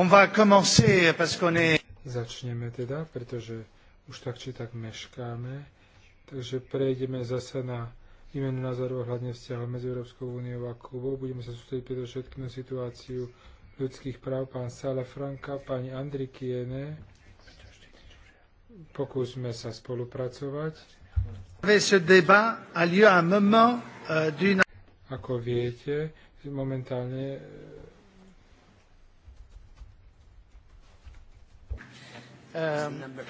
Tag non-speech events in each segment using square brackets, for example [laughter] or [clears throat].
On va commencer parce qu'on est... Začneme teda, pretože už tak či tak meškáme. Takže prejdeme zase na výmenu názorov hľadne vzťahu medzi Európskou úniou a Kubou. Budeme sa sústrediť predovšetkým na situáciu ľudských práv pán Sala Franka, pani Andri Kiene. Pokúsme sa spolupracovať. Euh, Ako viete, momentálne Um, uh,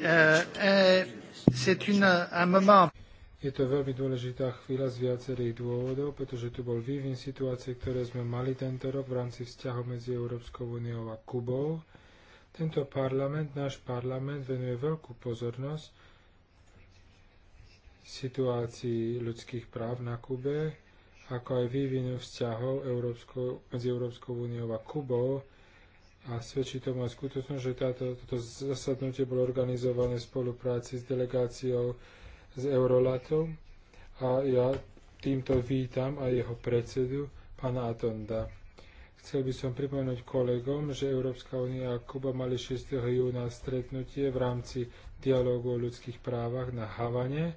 uh, uh, Je to veľmi dôležitá chvíľa z viacerých dôvodov, pretože tu bol vývin situácie, ktoré sme mali tento rok v rámci vzťahov medzi Európskou úniou a Kubou. Tento parlament, náš parlament, venuje veľkú pozornosť situácii ľudských práv na Kube, ako aj vývinu vzťahov Európsko, medzi Európskou úniou a Kubou, a svedčí tomu aj skutočnosť, že táto, toto zasadnutie bolo organizované v spolupráci s delegáciou z EuroLATom a ja týmto vítam aj jeho predsedu, pána Atonda. Chcel by som pripomenúť kolegom, že Európska únia a Kuba mali 6. júna stretnutie v rámci dialógu o ľudských právach na Havane.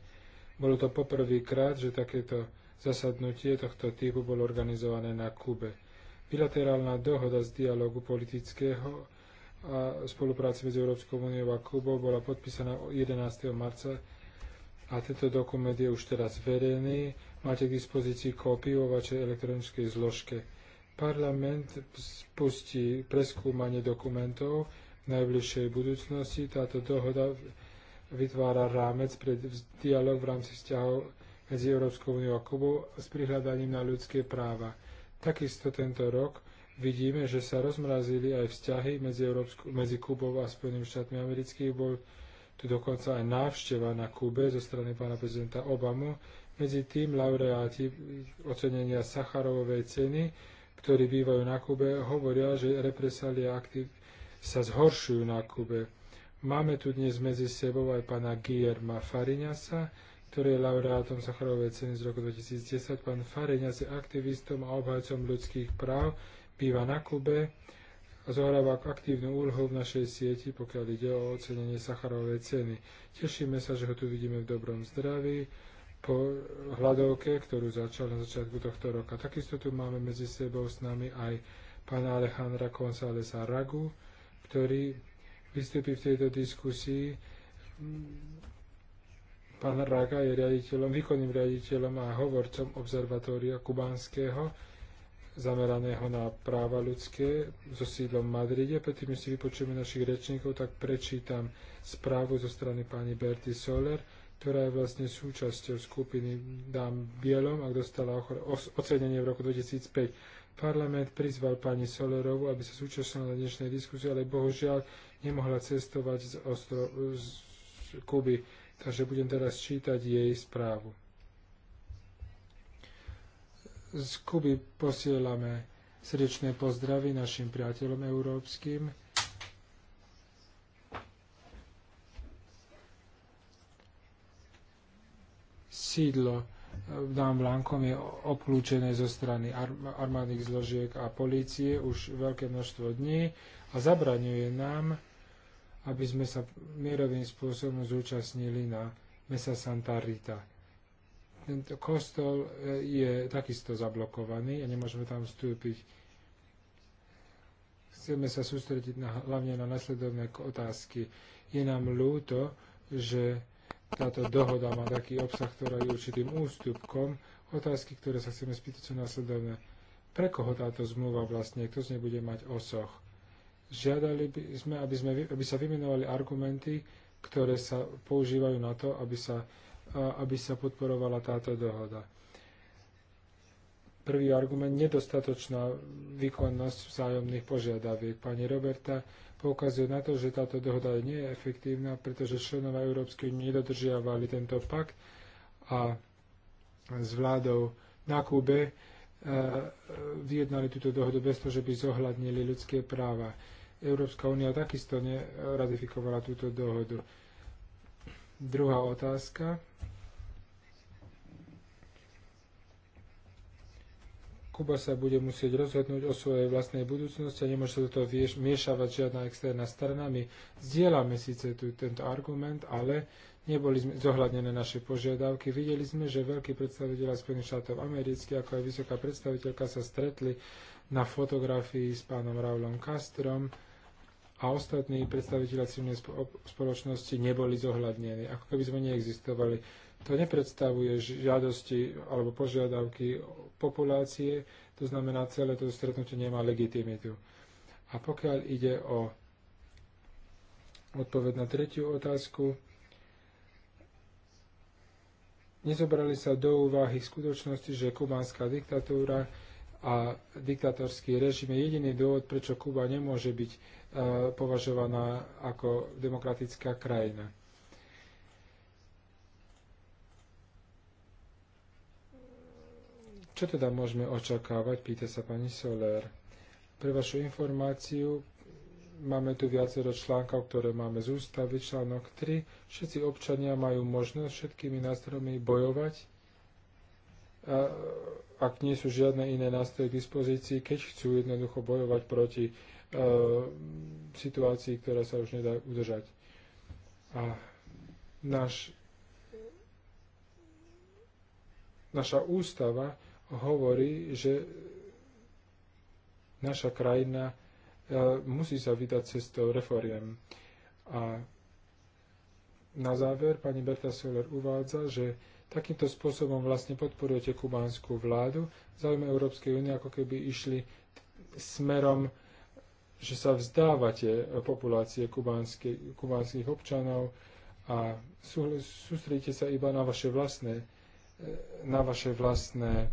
Bolo to poprvýkrát, že takéto zasadnutie tohto typu bolo organizované na Kube. Bilaterálna dohoda z dialogu politického a spolupráci medzi Európskou úniou a Kubou bola podpísaná 11. marca a tento dokument je už teraz verejný. Máte k dispozícii kópiu vo vašej elektronickej zložke. Parlament spustí preskúmanie dokumentov v najbližšej budúcnosti. Táto dohoda vytvára rámec pre dialog v rámci vzťahov medzi Európskou úniou a Kubou s prihľadaním na ľudské práva. Takisto tento rok vidíme, že sa rozmrazili aj vzťahy medzi, Európsku, medzi Kubou a Spojenými štátmi amerických. Bol tu dokonca aj návšteva na Kube zo strany pána prezidenta Obamu. Medzi tým laureáti ocenenia Sacharovovej ceny, ktorí bývajú na Kube, hovoria, že represálie aktiv sa zhoršujú na Kube. Máme tu dnes medzi sebou aj pána Guillerma Fariňasa, ktorý je laureátom Sacharovej ceny z roku 2010. Pán Fareň, je aktivistom a obhajcom ľudských práv, býva na Kube a zohráva aktívnu úlohu v našej sieti, pokiaľ ide o ocenenie Sacharovej ceny. Tešíme sa, že ho tu vidíme v dobrom zdraví po hľadovke, ktorú začal na začiatku tohto roka. Takisto tu máme medzi sebou s nami aj pána Alejandra Gonzáleza Ragu, ktorý vystúpi v tejto diskusii Pán Rága je riaditeľom, výkonným riaditeľom a hovorcom observatória kubánskeho, zameraného na práva ľudské, so sídlom v Madride. Predtým, si vypočujeme našich rečníkov, tak prečítam správu zo strany pani Berty Soler, ktorá je vlastne súčasťou skupiny Dám Bielom a dostala ocenenie v roku 2005. Parlament prizval pani Solerovu, aby sa súčasnila na dnešnej diskusii, ale bohužiaľ nemohla cestovať z, ostro- z Kuby. Takže budem teraz čítať jej správu. Z Kuby posielame srdečné pozdravy našim priateľom európskym. Sídlo v Dám Blankom je obklúčené zo strany armádnych zložiek a polície už veľké množstvo dní a zabraňuje nám aby sme sa mierovým spôsobom zúčastnili na Mesa Santa Rita. Tento kostol e, je takisto zablokovaný a nemôžeme tam vstúpiť. Chceme sa sústrediť na, hlavne na nasledovné otázky. Je nám ľúto, že táto dohoda má taký obsah, ktorá je určitým ústupkom. Otázky, ktoré sa chceme spýtať, sú následovné. Pre koho táto zmluva vlastne? Kto z nebude mať osoch? Žiadali by sme, aby, sme, aby sa vymenovali argumenty, ktoré sa používajú na to, aby sa, aby sa podporovala táto dohoda. Prvý argument, nedostatočná výkonnosť vzájomných požiadaviek. Pani Roberta poukazuje na to, že táto dohoda nie je efektívna, pretože členovia Európskej únie nedodržiavali tento pakt a s vládou na Kube e, e, vyjednali túto dohodu bez toho, že by zohľadnili ľudské práva. Európska únia takisto neratifikovala túto dohodu. Druhá otázka. Kuba sa bude musieť rozhodnúť o svojej vlastnej budúcnosti a nemôže sa do toho miešavať žiadna externá strana. My zdieľame síce tu, tento argument, ale neboli sme zohľadnené naše požiadavky. Videli sme, že veľkí predstaviteľ Spojených štátov amerických, ako aj vysoká predstaviteľka sa stretli na fotografii s pánom Raulom Castrom a ostatní predstaviteľa civilnej spoločnosti neboli zohľadnení, ako keby sme neexistovali. To nepredstavuje žiadosti alebo požiadavky populácie, to znamená, celé to stretnutie nemá legitimitu. A pokiaľ ide o odpoveď na tretiu otázku, nezobrali sa do úvahy skutočnosti, že kubánska diktatúra a diktatorský režim je jediný dôvod, prečo Kuba nemôže byť e, považovaná ako demokratická krajina. Čo teda môžeme očakávať, pýta sa pani Soler. Pre vašu informáciu máme tu viacero článkov, ktoré máme z ústavy, článok 3. Všetci občania majú možnosť všetkými nástrojmi bojovať ak nie sú žiadne iné nástroje k dispozícii, keď chcú jednoducho bojovať proti e, situácii, ktorá sa už nedá udržať. A náš, naša ústava hovorí, že naša krajina e, musí sa vydať cestou reforiem. A na záver pani Berta Soler uvádza, že Takýmto spôsobom vlastne podporujete kubánsku vládu. Záujme Európskej únie ako keby išli smerom, že sa vzdávate populácie kubánskych občanov a sú, sústredíte sa iba na vaše vlastné, e, na vaše vlastné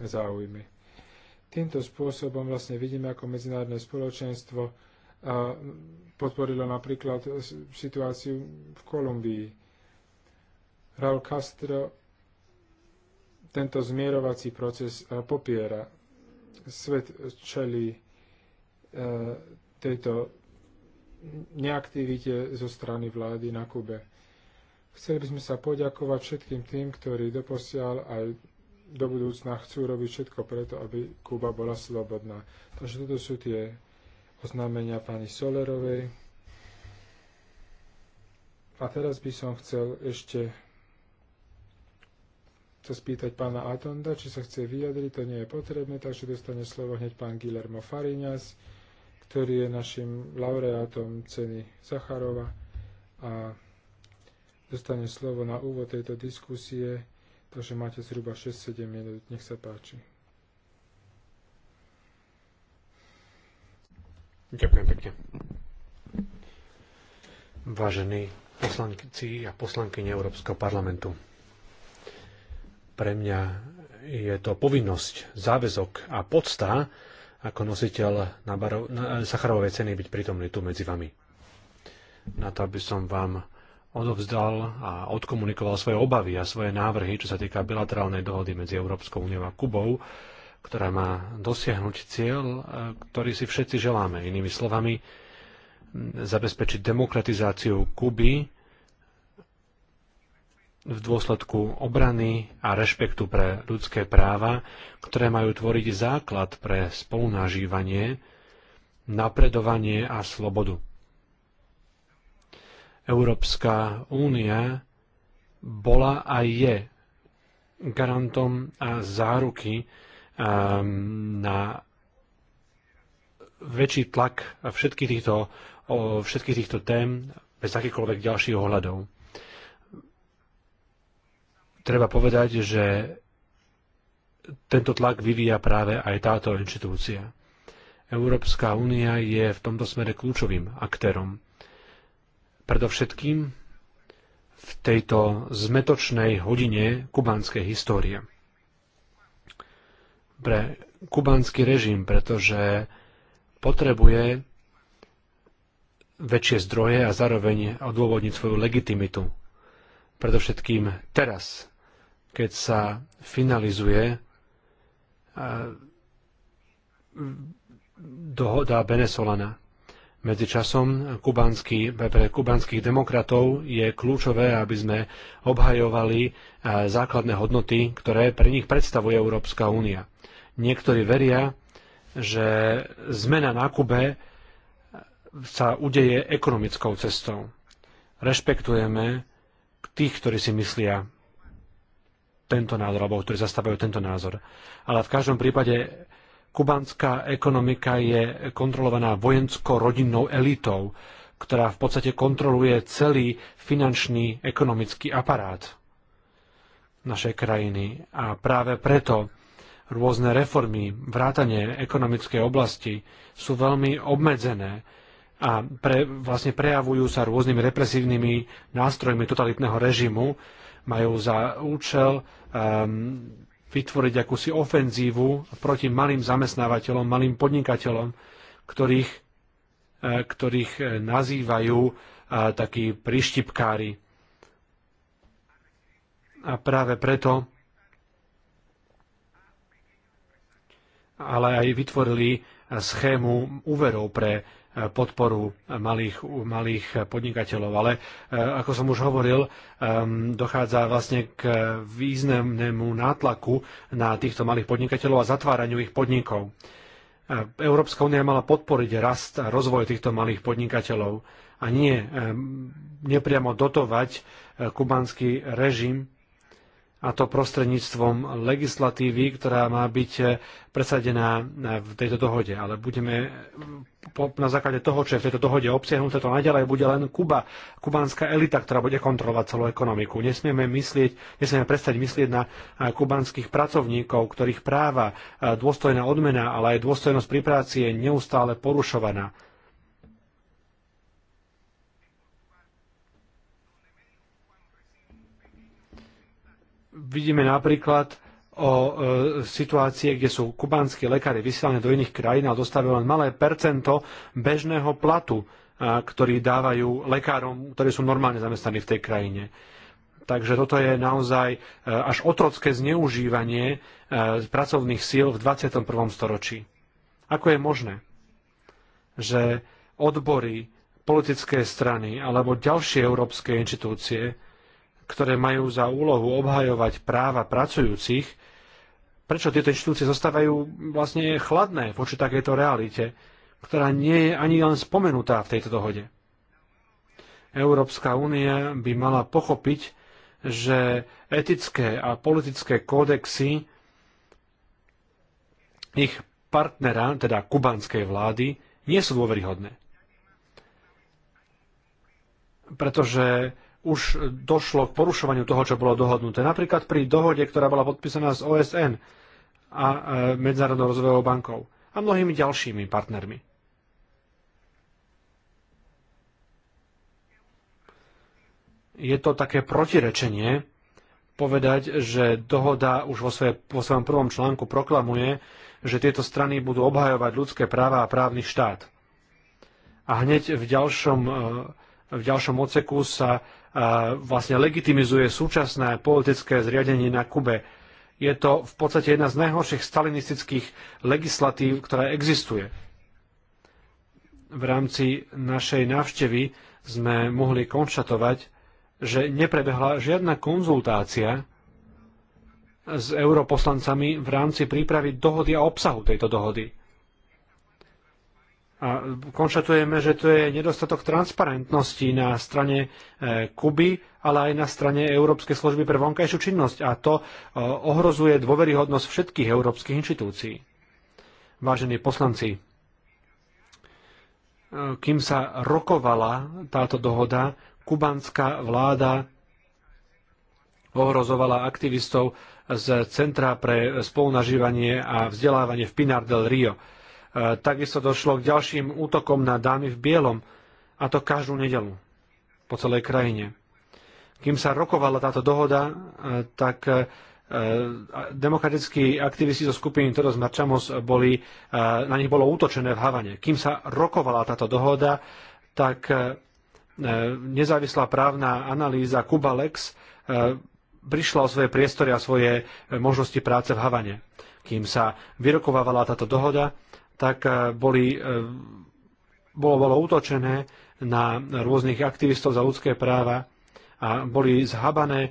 záujmy. Týmto spôsobom vlastne vidíme, ako medzinárodné spoločenstvo podporilo napríklad situáciu v Kolumbii Raúl Castro tento zmierovací proces e, popiera. Svet čelí e, tejto neaktivite zo strany vlády na Kube. Chceli by sme sa poďakovať všetkým tým, ktorí doposiaľ aj do budúcna chcú robiť všetko preto, aby Kuba bola slobodná. Takže toto sú tie oznámenia pani Solerovej. A teraz by som chcel ešte sa spýtať pána Atonda, či sa chce vyjadriť, to nie je potrebné, takže dostane slovo hneď pán Guillermo Farinas, ktorý je našim laureátom ceny Zacharova a dostane slovo na úvod tejto diskusie, takže máte zhruba 6-7 minút, nech sa páči. Ďakujem pekne. Vážení poslanci a poslankyne Európskeho parlamentu, pre mňa je to povinnosť, záväzok a podsta ako nositeľ Nabarov, na Sacharovej ceny byť prítomný tu medzi vami. Na to, aby som vám odovzdal a odkomunikoval svoje obavy a svoje návrhy, čo sa týka bilaterálnej dohody medzi Európskou úniou a Kubou, ktorá má dosiahnuť cieľ, e, ktorý si všetci želáme. Inými slovami, zabezpečiť demokratizáciu Kuby v dôsledku obrany a rešpektu pre ľudské práva, ktoré majú tvoriť základ pre spolunažívanie, napredovanie a slobodu. Európska únia bola a je garantom a záruky ehm, na väčší tlak všetkých týchto, všetkých týchto tém bez akýchkoľvek ďalších ohľadov treba povedať, že tento tlak vyvíja práve aj táto inštitúcia. Európska únia je v tomto smere kľúčovým aktérom. Predovšetkým v tejto zmetočnej hodine kubánskej histórie. Pre kubánsky režim, pretože potrebuje väčšie zdroje a zároveň odôvodniť svoju legitimitu. Predovšetkým teraz, keď sa finalizuje e, dohoda Benesolana. Medzičasom kubanský, pre kubanských demokratov je kľúčové, aby sme obhajovali e, základné hodnoty, ktoré pre nich predstavuje Európska únia. Niektorí veria, že zmena na Kube sa udeje ekonomickou cestou. Rešpektujeme tých, ktorí si myslia tento názor, alebo ktorí zastávajú tento názor. Ale v každom prípade kubanská ekonomika je kontrolovaná vojensko-rodinnou elitou, ktorá v podstate kontroluje celý finančný ekonomický aparát našej krajiny. A práve preto rôzne reformy, vrátanie ekonomickej oblasti sú veľmi obmedzené a pre, vlastne prejavujú sa rôznymi represívnymi nástrojmi totalitného režimu, majú za účel ehm, vytvoriť akúsi ofenzívu proti malým zamestnávateľom, malým podnikateľom, ktorých, e, ktorých e, nazývajú e, takí prištipkári. A práve preto ale aj vytvorili schému úverov pre podporu malých, malých podnikateľov. Ale e, ako som už hovoril, e, dochádza vlastne k významnému nátlaku na týchto malých podnikateľov a zatváraniu ich podnikov. E, Európska únia mala podporiť rast a rozvoj týchto malých podnikateľov a nie nepriamo dotovať kubanský režim a to prostredníctvom legislatívy, ktorá má byť presadená v tejto dohode. Ale budeme na základe toho, čo je v tejto dohode obsiahnuté, to naďalej bude len Kuba, kubánska elita, ktorá bude kontrolovať celú ekonomiku. Nesmieme, myslieť, nesmieme prestať myslieť na eh, kubánskych pracovníkov, ktorých práva, eh, dôstojná odmena, ale aj dôstojnosť pri práci je neustále porušovaná. Vidíme napríklad, o e, situácie, kde sú kubánsky lekári vysielané do iných krajín a dostávajú len malé percento bežného platu, e, ktorý dávajú lekárom, ktorí sú normálne zamestnaní v tej krajine. Takže toto je naozaj e, až otrocké zneužívanie pracovných síl v 21. storočí. Ako je možné, že odbory, politické strany alebo ďalšie európske inštitúcie ktoré majú za úlohu obhajovať práva pracujúcich, prečo tieto inštitúcie zostávajú vlastne chladné voči takejto realite, ktorá nie je ani len spomenutá v tejto dohode. Európska únia by mala pochopiť, že etické a politické kódexy ich partnera, teda kubanskej vlády, nie sú dôveryhodné. Pretože už došlo k porušovaniu toho, čo bolo dohodnuté. Napríklad pri dohode, ktorá bola podpísaná z OSN a e, Medzinárodnou rozvojovou bankou a mnohými ďalšími partnermi. Je to také protirečenie povedať, že dohoda už vo, svoje, vo svojom prvom článku proklamuje, že tieto strany budú obhajovať ľudské práva a právny štát. A hneď v ďalšom, e, v ďalšom oceku sa vlastne legitimizuje súčasné politické zriadenie na Kube. Je to v podstate jedna z najhorších stalinistických legislatív, ktorá existuje. V rámci našej návštevy sme mohli konštatovať, že neprebehla žiadna konzultácia s europoslancami v rámci prípravy dohody a obsahu tejto dohody a konštatujeme, že to je nedostatok transparentnosti na strane e, Kuby, ale aj na strane Európskej služby pre vonkajšiu činnosť a to e, ohrozuje dôveryhodnosť všetkých európskych inštitúcií. Vážení poslanci, e, kým sa rokovala táto dohoda, kubanská vláda ohrozovala aktivistov z Centra pre spolunažívanie a vzdelávanie v Pinar del Rio E, takisto došlo k ďalším útokom na dámy v bielom, a to každú nedelu po celej krajine. Kým sa rokovala táto dohoda, e, tak e, demokratickí aktivisti zo skupiny Teros Marchamos boli, na nich bolo útočené v Havane. Kým sa rokovala táto dohoda, tak nezávislá právna analýza Kubalex prišla o svoje priestory a svoje možnosti práce v Havane. Kým sa vyrokovávala táto dohoda, tak eh, boli, eh, bolo, bolo útočené na rôznych aktivistov za ľudské práva a boli zhabané eh,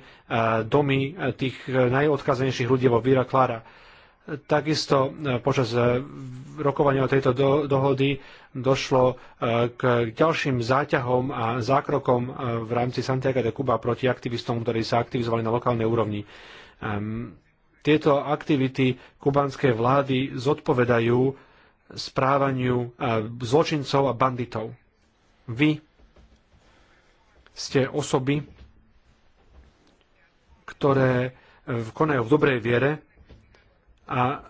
domy tých najodkazenejších ľudí vo Vira Klara. Takisto počas rokovania o tejto do, dohody došlo k ďalším záťahom a zákrokom v rámci Santiago de Cuba proti aktivistom, ktorí sa aktivizovali na lokálnej úrovni. Ehm, tieto aktivity kubanskej vlády zodpovedajú správaniu zločincov a banditov. Vy ste osoby, ktoré konajú v dobrej viere a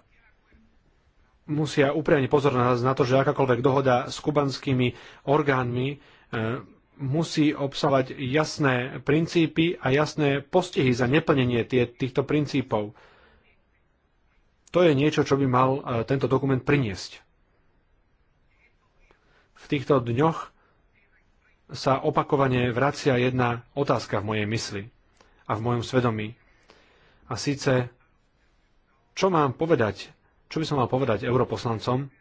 musia úprimne pozornosť na to, že akákoľvek dohoda s kubanskými orgánmi e, musí obsahovať jasné princípy a jasné postihy za neplnenie týchto princípov. To je niečo, čo by mal e, tento dokument priniesť. V týchto dňoch sa opakovane vracia jedna otázka v mojej mysli a v mojom svedomí. A síce, čo mám povedať, čo by som mal povedať europoslancom,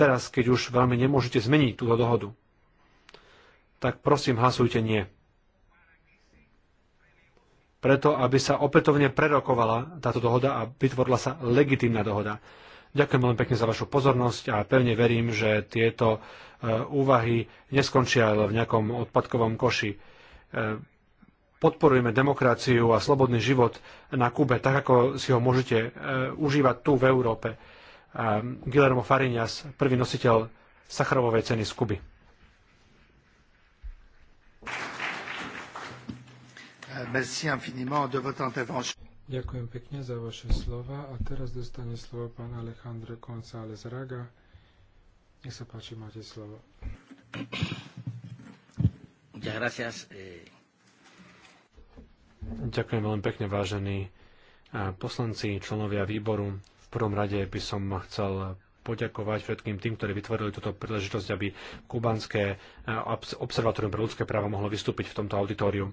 teraz, keď už veľmi nemôžete zmeniť túto dohodu, tak prosím hlasujte nie. Preto, aby sa opätovne prerokovala táto dohoda a vytvorila sa legitímna dohoda. Ďakujem veľmi pekne za vašu pozornosť a pevne verím, že tieto e, úvahy neskončia v nejakom odpadkovom koši e, podporujeme demokraciu a slobodný život na Kube, tak ako si ho môžete e, užívať tu v Európe. Guillermo Fariñas, prvý nositeľ Sacharovovej ceny z Kuby. Merci infiniment de votre intervention. Ďakujem pekne za vaše slova a teraz dostane slovo pán Alejandro González Raga. Nech sa páči, máte slovo. Eh. Ďakujem veľmi pekne, vážení eh, poslanci, členovia výboru. V prvom rade by som chcel poďakovať všetkým tým, ktorí vytvorili túto príležitosť, aby kubanské eh, observatórium pre ľudské práva mohlo vystúpiť v tomto auditoriu. Eh,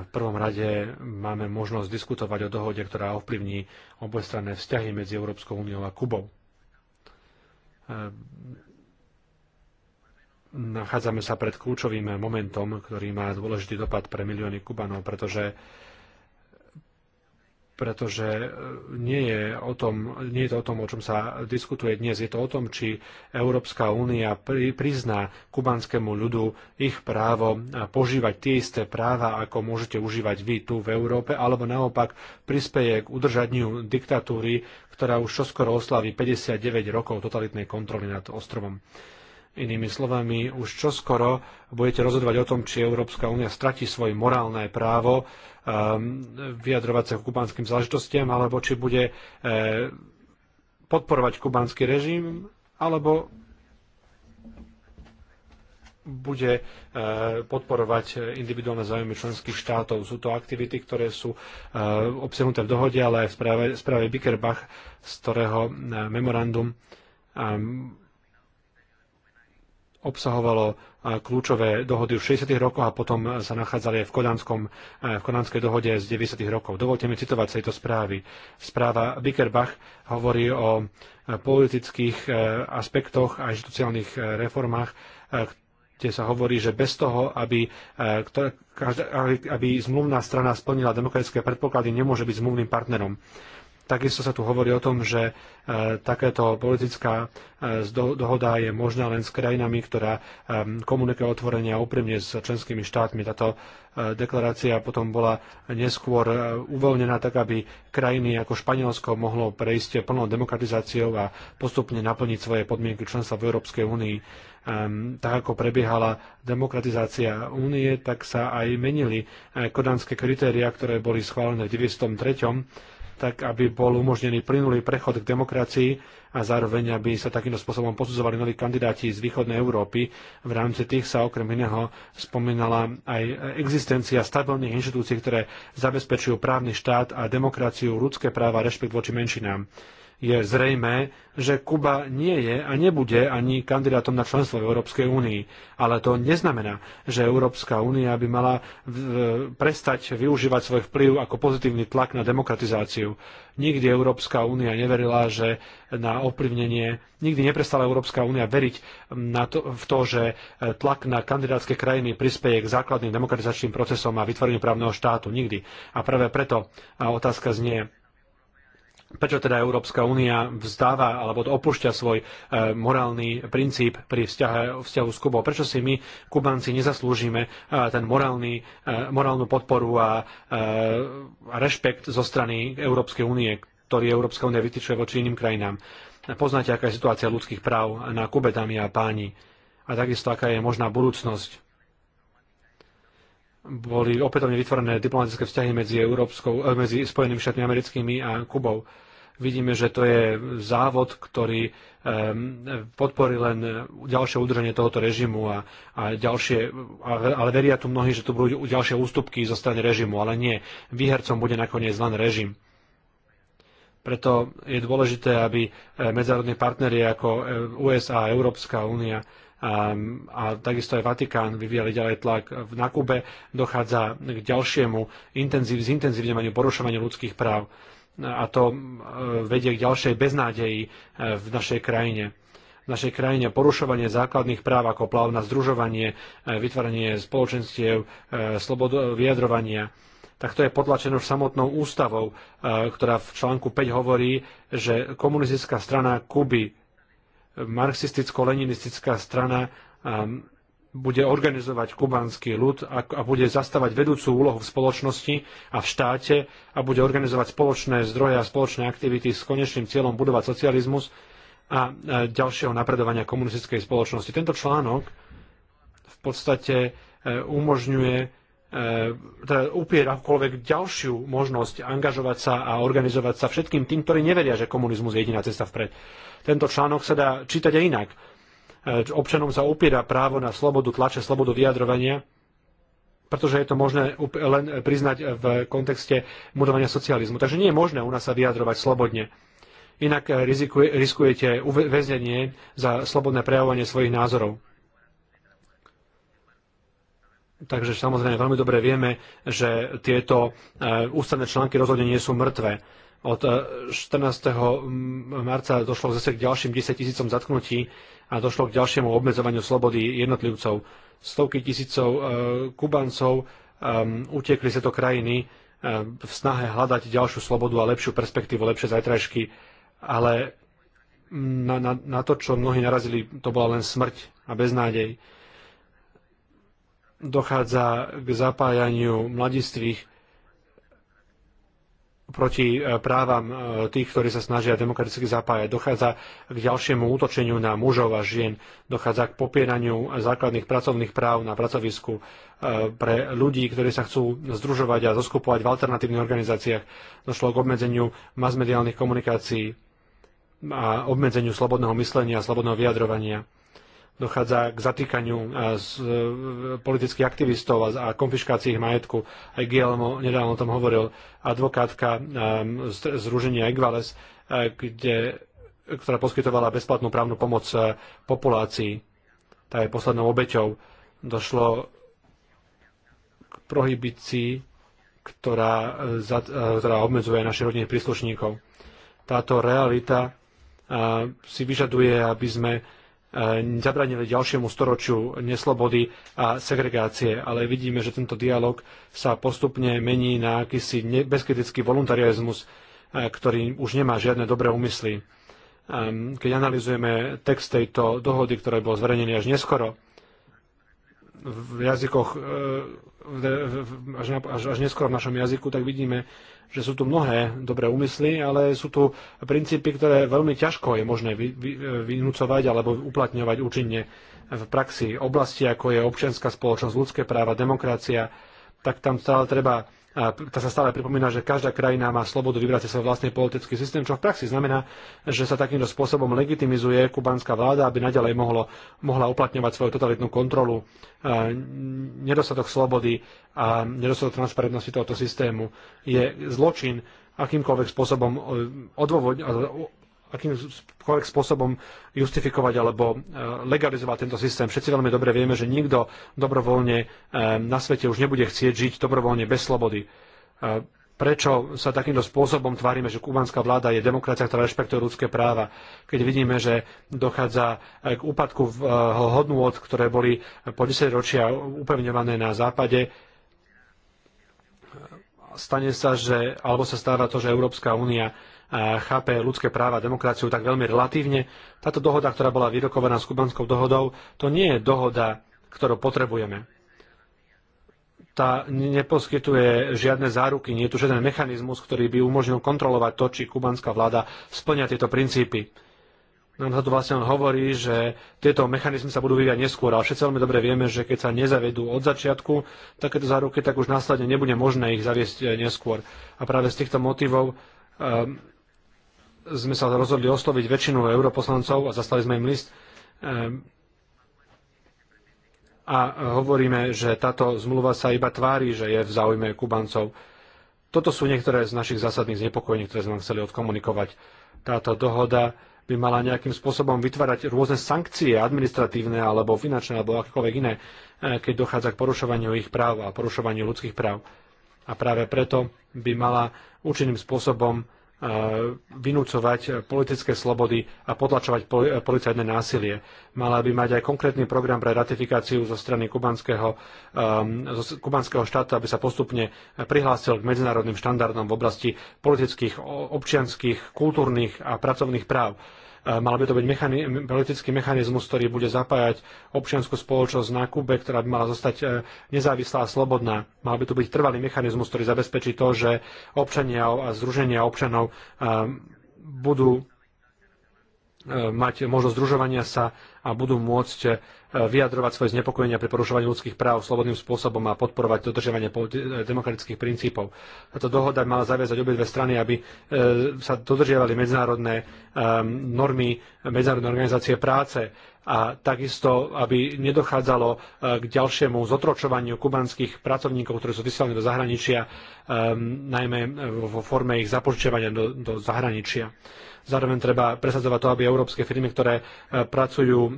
v prvom rade máme možnosť diskutovať o dohode, ktorá ovplyvní obojstranné vzťahy medzi Európskou úniou a Kubou eh, nachádzame sa pred kľúčovým momentom, ktorý má dôležitý dopad pre milióny Kubanov, pretože pretože e, nie je, o tom, nie je to o tom, o čom sa diskutuje dnes. Je to o tom, či Európska únia pri, prizná kubanskému ľudu ich právo e, požívať tie isté práva, ako môžete užívať vy tu v Európe, alebo naopak prispieje k udržaniu diktatúry, ktorá už čoskoro oslaví 59 rokov totalitnej kontroly nad ostrovom. Inými slovami, už čoskoro budete rozhodovať o tom, či Európska únia stratí svoje morálne právo um, vyjadrovať sa k kubánskym záležitostiam, alebo či bude eh, podporovať kubánsky režim, alebo bude eh, podporovať individuálne záujmy členských štátov. Sú to aktivity, ktoré sú eh, obsiahnuté v dohode, ale aj v správe, správe Bikerbach, z ktorého memorandum ehm, obsahovalo eh, kľúčové dohody v 60. rokoch a potom sa nachádzali aj v, Kodanskom, eh, v Kodanskej dohode z 90. rokov. Dovolte mi citovať z tejto správy. Správa Bikerbach hovorí o eh, politických aspektoch a sociálnych reformách, kde sa hovorí, že bez toho, aby, aby zmluvná strana splnila demokratické predpoklady, nemôže byť zmluvným partnerom. Takisto sa tu hovorí o tom, že e, takéto politická e, dohoda je možná len s krajinami, ktorá e, komunikuje otvorene a úprimne s členskými štátmi. Táto deklarácia potom bola neskôr uvoľnená tak, aby krajiny ako Španielsko mohlo prejsť plnou demokratizáciou a postupne naplniť svoje podmienky členstva v Európskej únii ehm, tak ako prebiehala demokratizácia únie, tak sa aj menili kodanské kritériá, ktoré boli schválené v 1993 tak aby bol umožnený plynulý prechod k demokracii a zároveň, aby sa takýmto spôsobom posudzovali noví kandidáti z východnej Európy. V rámci tých sa okrem iného spomínala aj existencia stabilných inštitúcií, ktoré zabezpečujú právny štát a demokraciu, ľudské práva a rešpekt voči menšinám je zrejmé, že Kuba nie je a nebude ani kandidátom na členstvo v Európskej únii. Ale to neznamená, že Európska únia by mala prestať využívať svoj vplyv ako pozitívny tlak na demokratizáciu. Nikdy Európska únia neverila, že na ovplyvnenie, nikdy neprestala Európska únia veriť na to, v to, že tlak na kandidátske krajiny prispieje k základným demokratizačným procesom a vytvoreniu právneho štátu. Nikdy. A práve preto otázka znie, prečo teda Európska únia vzdáva alebo opúšťa svoj e, morálny princíp pri vzťahe, vzťahu s Kubou. Prečo si my, Kubanci, nezaslúžime e, ten morálny, e, morálnu podporu e, a rešpekt zo strany Európskej únie, ktorý Európska únia vytýčuje voči iným krajinám. Poznáte, aká je situácia ľudských práv na Kube, dámy a páni. A takisto, aká je možná budúcnosť boli opätovne vytvorené diplomatické vzťahy medzi, Európskou, e, medzi Spojenými štátmi americkými a Kubou. Vidíme, že to je závod, ktorý podporí len ďalšie udržanie tohoto režimu a, a ďalšie, ale veria tu mnohí, že tu budú ďalšie ústupky zo strany režimu, ale nie. Výhercom bude nakoniec len režim. Preto je dôležité, aby eh, medzinárodní partnery ako eh, USA, Európska únia a, a takisto aj Vatikán vyvíjali ďalej tlak. v Nakube. dochádza k ďalšiemu intenzív, zintenzívňovaniu porušovania ľudských práv a to e, vedie k ďalšej beznádeji e, v našej krajine v našej krajine porušovanie základných práv ako pláv na združovanie, e, vytvorenie spoločenstiev, slobodu vyjadrovania. Tak to je potlačené už samotnou ústavou, ktorá v článku 5 hovorí, že komunistická strana Kuby, marxisticko-leninistická strana bude organizovať kubanský ľud a, a bude zastávať vedúcu úlohu v spoločnosti a v štáte a bude organizovať spoločné zdroje a spoločné aktivity s konečným cieľom budovať socializmus a e, ďalšieho napredovania komunistickej spoločnosti. Tento článok v podstate e, umožňuje e, teda upier akúkoľvek ďalšiu možnosť angažovať sa a organizovať sa všetkým tým, ktorí neveria, že komunizmus je jediná cesta vpred. Tento článok sa dá čítať aj inak Eh, občanom sa upiera právo na slobodu tlače, slobodu vyjadrovania, pretože je to možné len priznať v kontexte budovania socializmu. Takže nie je možné u nás sa vyjadrovať slobodne. Inak eh, riskujete uväznenie za slobodné prejavovanie svojich názorov. Takže samozrejme veľmi dobre vieme, že tieto eh, ústavné články rozhodne nie sú mŕtve. Od 14. E, marca došlo zase k ďalším 10 tisícom zatknutí a došlo k ďalšiemu obmedzovaniu slobody jednotlivcov. Stovky tisícov e, Kubancov utekli z tejto krajiny e, v snahe hľadať ďalšiu slobodu a lepšiu perspektívu, lepšie zajtrajšky, ale na, na, na to, čo mnohí narazili, to bola len smrť a beznádej. Dochádza k zapájaniu mladistvých proti e, právam e, tých, ktorí sa snažia demokraticky zapájať. Dochádza k ďalšiemu útočeniu na mužov a žien, dochádza k popieraniu základných pracovných práv na pracovisku e, pre ľudí, ktorí sa chcú združovať a zoskupovať v alternatívnych organizáciách. Došlo k obmedzeniu masmediálnych komunikácií a obmedzeniu slobodného myslenia a slobodného vyjadrovania dochádza k zatýkaniu e, e, politických aktivistov a konfiškácii ich majetku. Aj Guillermo nedávno o tom hovoril, advokátka e, Rúženia Igvales, kde, ktorá poskytovala bezplatnú právnu pomoc populácii. Tá je poslednou obeťou. Došlo k prohibícii, ktorá, ktorá obmedzuje našich rodinných príslušníkov. Táto realita si vyžaduje, aby sme E, zabranili ďalšiemu storočiu neslobody a segregácie. Ale vidíme, že tento dialog sa postupne mení na akýsi bezkritický voluntarizmus, e, ktorý už nemá žiadne dobré úmysly. E, keď analizujeme text tejto dohody, ktorý bol zverejnený až neskoro, v jazykoch až, na, až, až neskôr v našom jazyku, tak vidíme, že sú tu mnohé dobré úmysly, ale sú tu princípy, ktoré veľmi ťažko je možné vy, vy, vynúcovať alebo uplatňovať účinne v praxi. Oblasti, ako je občianská spoločnosť, ľudské práva, demokracia, tak tam stále treba tá sa stále pripomína, že každá krajina má slobodu vybrať si svoj vlastný politický systém, čo v praxi znamená, že sa takýmto spôsobom legitimizuje kubánska vláda, aby naďalej mohlo, mohla uplatňovať svoju totalitnú kontrolu, nedostatok slobody a nedostatok transparentnosti tohoto systému je zločin, akýmkoľvek spôsobom e, akýmkoľvek spôsobom justifikovať alebo e, legalizovať tento systém. Všetci veľmi dobre vieme, že nikto dobrovoľne e, na svete už nebude chcieť žiť dobrovoľne bez slobody. E, prečo sa takýmto spôsobom tvárime, že kubánska vláda je demokracia, ktorá rešpektuje ľudské práva, keď vidíme, že dochádza k úpadku hodnôt, ktoré boli po 10 ročia upevňované na západe, stane sa, že, alebo sa stáva to, že Európska únia chápe ľudské práva a demokraciu tak veľmi relatívne. Táto dohoda, ktorá bola vyrokovaná s kubanskou dohodou, to nie je dohoda, ktorú potrebujeme. Tá neposkytuje žiadne záruky, nie je tu žiaden mechanizmus, ktorý by umožnil kontrolovať to, či kubanská vláda splňa tieto princípy. Nám sa tu vlastne hovorí, že tieto mechanizmy sa budú vyvíjať neskôr, ale všetci veľmi dobre vieme, že keď sa nezavedú od začiatku takéto záruky, tak už následne nebude možné ich zaviesť eh, neskôr. A práve z týchto motivov um, sme sa rozhodli osloviť väčšinu europoslancov a zastali sme im list ehm, a hovoríme, že táto zmluva sa iba tvári, že je v záujme Kubancov. Toto sú niektoré z našich zásadných znepokojení, ktoré sme chceli odkomunikovať. Táto dohoda by mala nejakým spôsobom vytvárať rôzne sankcie administratívne alebo finančné alebo akékoľvek iné, eh, keď dochádza k porušovaniu ich práv a porušovaniu ľudských práv. A práve preto by mala účinným spôsobom vynúcovať politické slobody a potlačovať policajné násilie. Mala by mať aj konkrétny program pre ratifikáciu zo strany kubanského, um, zo kubanského štátu, aby sa postupne prihlásil k medzinárodným štandardom v oblasti politických, občianských, kultúrnych a pracovných práv E, Mal by to byť mechani- politický mechanizmus, ktorý bude zapájať občianskú spoločnosť na Kube, ktorá by mala zostať e, nezávislá a slobodná. Mal by to byť trvalý mechanizmus, ktorý zabezpečí to, že občania a združenia občanov e, budú E, mať možnosť združovania sa a budú môcť e, vyjadrovať svoje znepokojenia pri porušovaní ľudských práv slobodným spôsobom a podporovať dodržiavanie e, demokratických princípov. Táto dohoda mala zaviazať obe dve strany, aby sa dodržiavali medzinárodné normy, medzinárodné organizácie práce a takisto, aby nedochádzalo k ďalšiemu zotročovaniu kubanských pracovníkov, ktorí sú vysielaní do zahraničia, najmä vo forme ich zapožičiavania do, do zahraničia. Zároveň treba presadzovať to, aby európske firmy, ktoré e, pracujú e,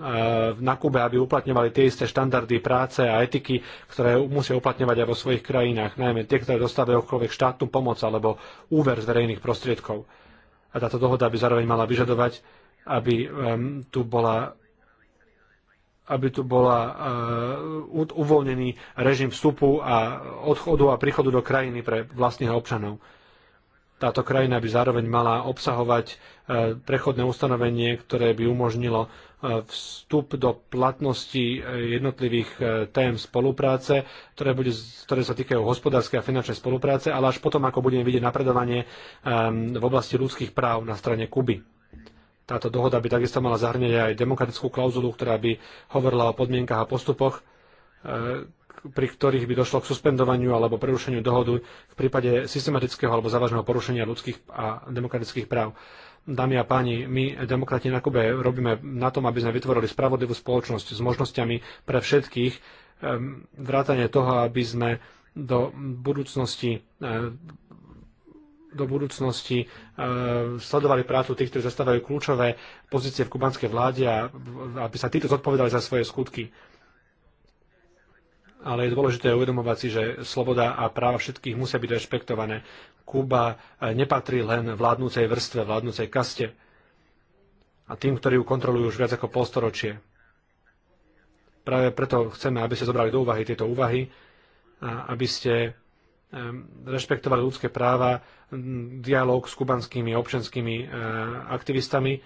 na Kube, aby uplatňovali tie isté štandardy práce a etiky, ktoré musia uplatňovať aj vo svojich krajinách, najmä tie, ktoré dostávajú okolo štátnu pomoc alebo úver z verejných prostriedkov. A táto dohoda by zároveň mala vyžadovať, aby tu bola aby tu bola uh, uvoľnený režim vstupu a odchodu a príchodu do krajiny pre vlastných občanov. Táto krajina by zároveň mala obsahovať e, prechodné ustanovenie, ktoré by umožnilo e, vstup do platnosti e, jednotlivých tém spolupráce, ktoré, bude, ktoré sa týkajú hospodárskej a finančnej spolupráce, ale až potom, ako budeme vidieť napredovanie v oblasti ľudských práv na strane Kuby. Táto dohoda by takisto mala zahrňať aj demokratickú klauzulu, ktorá by hovorila o podmienkach a postupoch, pri ktorých by došlo k suspendovaniu alebo prerušeniu dohodu v prípade systematického alebo závažného porušenia ľudských a demokratických práv. Dámy a páni, my, demokrati na Kube, robíme na tom, aby sme vytvorili spravodlivú spoločnosť s možnosťami pre všetkých, ehm, vrátane toho, aby sme do budúcnosti e, do budúcnosti e, sledovali prácu tých, ktorí zastávajú kľúčové pozície v kubanskej vláde a aby sa títo zodpovedali za svoje skutky ale je dôležité uvedomovať si, že sloboda a práva všetkých musia byť rešpektované. Kuba e, nepatrí len vládnúcej vrstve, vládnúcej kaste a tým, ktorí ju kontrolujú už viac ako polstoročie. Práve preto chceme, aby ste zobrali do úvahy tieto úvahy, a aby ste e, rešpektovali ľudské práva, dialog s kubanskými občanskými e, aktivistami.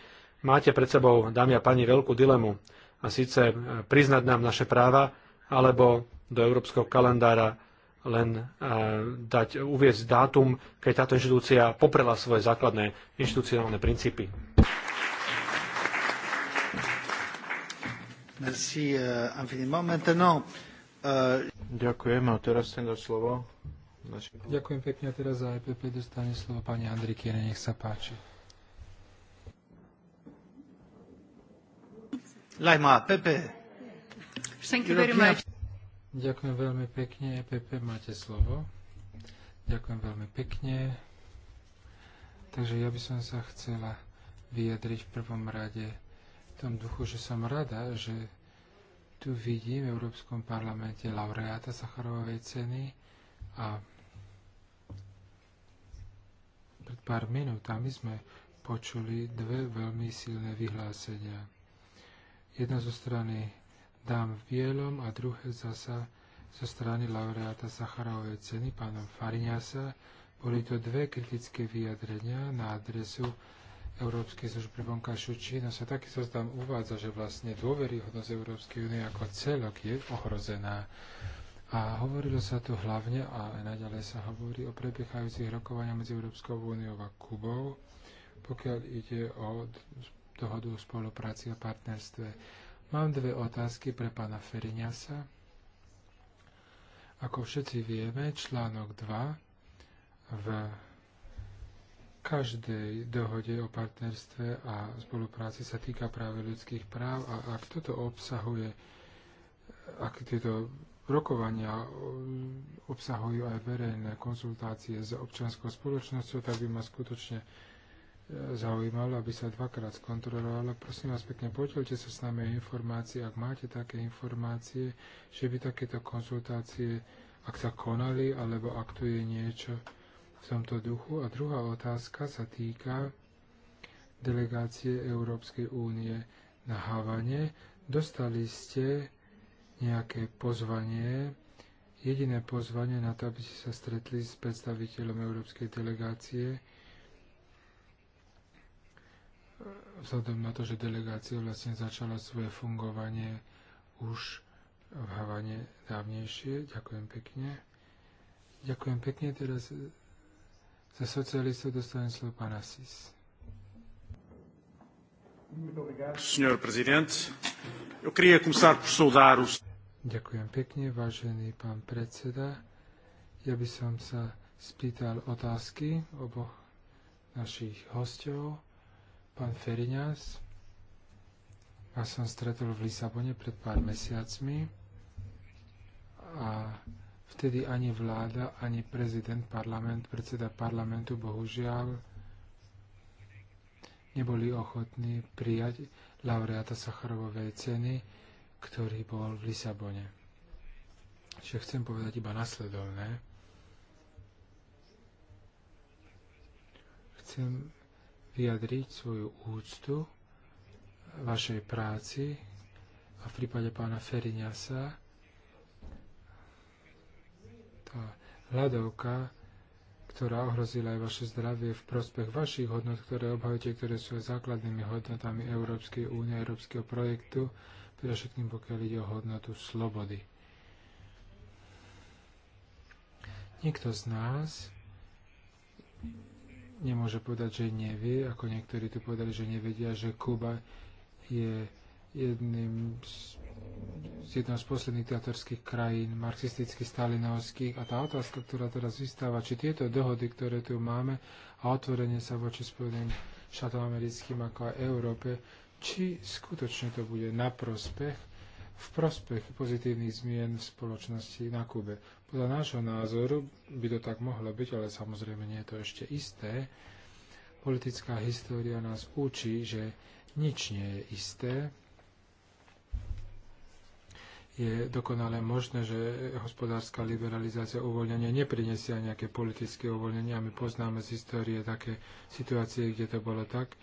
Máte pred sebou, dámy a páni, veľkú dilemu a síce priznať nám naše práva alebo do európskeho kalendára len eh, dať, uviezť dátum, keď táto inštitúcia poprela svoje základné inštitucionálne princípy. Merci eh, infiniment. Maintenant, eh, Ďakujem a teraz ten dať slovo. Našim... Ďakujem pekne a teraz za EPP dostane slovo pani Andri Kiene, nech sa páči. Lajma, Pepe. Thank you very much. Ďakujem veľmi pekne. Pepe, máte slovo. Ďakujem veľmi pekne. Takže ja by som sa chcela vyjadriť v prvom rade v tom duchu, že som rada, že tu vidím v Európskom parlamente laureáta Sacharovej ceny a pred pár minútami sme počuli dve veľmi silné vyhlásenia. Jedna zo strany dám v bielom a druhé zasa zo strany laureáta Sacharovej ceny pánom Fariňasa. Boli to dve kritické vyjadrenia na adresu Európskej služby vonkajšiu činnosť. A taký sa tam uvádza, že vlastne dôveryhodnosť Európskej únie ako celok je ohrozená. A hovorilo sa tu hlavne, a aj naďalej sa hovorí, o prebiehajúcich rokovaniach medzi Európskou úniou a Kubou, pokiaľ ide o dohodu o spolupráci a partnerstve. Mám dve otázky pre pána Feriňasa. Ako všetci vieme, článok 2 v každej dohode o partnerstve a spolupráci sa týka práve ľudských práv a ak toto obsahuje, ak tieto rokovania obsahujú aj verejné konzultácie s občianskou spoločnosťou, tak by ma skutočne zaujímalo, aby sa dvakrát skontrolovalo. Prosím vás pekne, podelte sa s nami o informácie, ak máte také informácie, že by takéto konzultácie, ak sa konali, alebo ak tu je niečo v tomto duchu. A druhá otázka sa týka delegácie Európskej únie na Havane. Dostali ste nejaké pozvanie, jediné pozvanie na to, aby ste sa stretli s predstaviteľom Európskej delegácie, vzhľadom na to, že delegácia vlastne začala svoje fungovanie už v Havane dávnejšie. Ďakujem pekne. Ďakujem pekne. Teraz za socialistov dostane slovo pán Asis. Ďakujem pekne, vážený pán predseda. Ja by som sa spýtal otázky oboch našich hostov. Pán Feriňas, ja som stretol v Lisabone pred pár mesiacmi a vtedy ani vláda, ani prezident parlament, predseda parlamentu bohužiaľ neboli ochotní prijať laureáta Sacharovovej ceny, ktorý bol v Lisabone. Čiže chcem povedať iba nasledovné. Chcem vyjadriť svoju úctu vašej práci a v prípade pána Feriňasa tá hľadovka, ktorá ohrozila aj vaše zdravie v prospech vašich hodnot, ktoré obhajujete, ktoré sú základnými hodnotami Európskej únie, Európskeho projektu, predovšetkým pokiaľ ide o hodnotu slobody. Nikto z nás nemôže povedať, že nevie, ako niektorí tu povedali, že nevedia, že Kuba je jedným z, jednou z posledných diktatorských krajín, marxistických, stalinovských. A tá otázka, ktorá teraz vystáva, či tieto dohody, ktoré tu máme a otvorenie sa voči Spojeným štátom americkým ako aj Európe, či skutočne to bude na prospech, v prospech pozitívnych zmien v spoločnosti na Kube. Podľa nášho názoru by to tak mohlo byť, ale samozrejme nie je to ešte isté. Politická história nás učí, že nič nie je isté. Je dokonale možné, že hospodárska liberalizácia uvoľnenia neprinesia nejaké politické uvoľnenia. My poznáme z histórie také situácie, kde to bolo tak.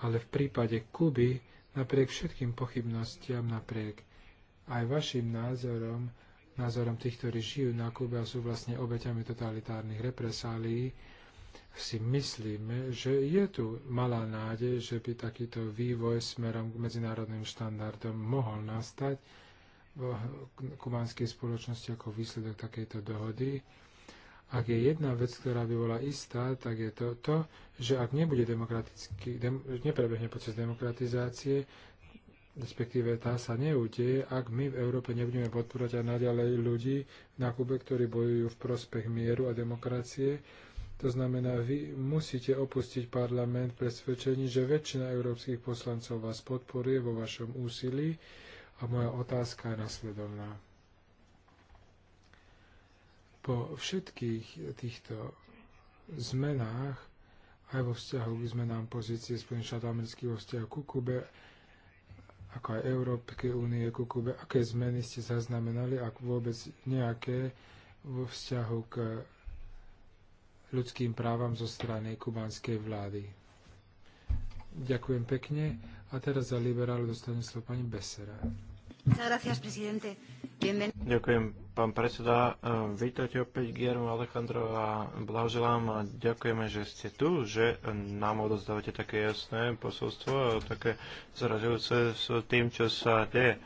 Ale v prípade Kuby, napriek všetkým pochybnostiam, napriek aj vašim názorom, názorom tých, ktorí žijú na Kube a sú vlastne obeťami totalitárnych represálií, si myslíme, že je tu malá nádej, že by takýto vývoj smerom k medzinárodným štandardom mohol nastať v kubanskej spoločnosti ako výsledok takejto dohody. Ak je jedna vec, ktorá by bola istá, tak je to, to že ak nebude demokraticky, dem, neprebehne proces demokratizácie, respektíve tá sa neudeje, ak my v Európe nebudeme podporovať aj naďalej ľudí na Kube, ktorí bojujú v prospech mieru a demokracie. To znamená, vy musíte opustiť parlament presvedčení, že väčšina európskych poslancov vás podporuje vo vašom úsilí a moja otázka je nasledovná. Po všetkých týchto zmenách aj vo vzťahu k zmenám pozície Spojených štátov amerických vo vzťahu ku Kube ako aj Európskej únie ku Kube, aké zmeny ste zaznamenali, ak vôbec nejaké vo vzťahu k ľudským právam zo strany kubánskej vlády. Ďakujem pekne a teraz za liberálu dostane slovo pani Besera. Ďakujem, pán predseda. E, vítajte opäť, Guillermo Alejandro, a blahoželám a ďakujeme, že ste tu, že nám odozdávate také jasné posolstvo, také zražujúce s tým, čo sa deje.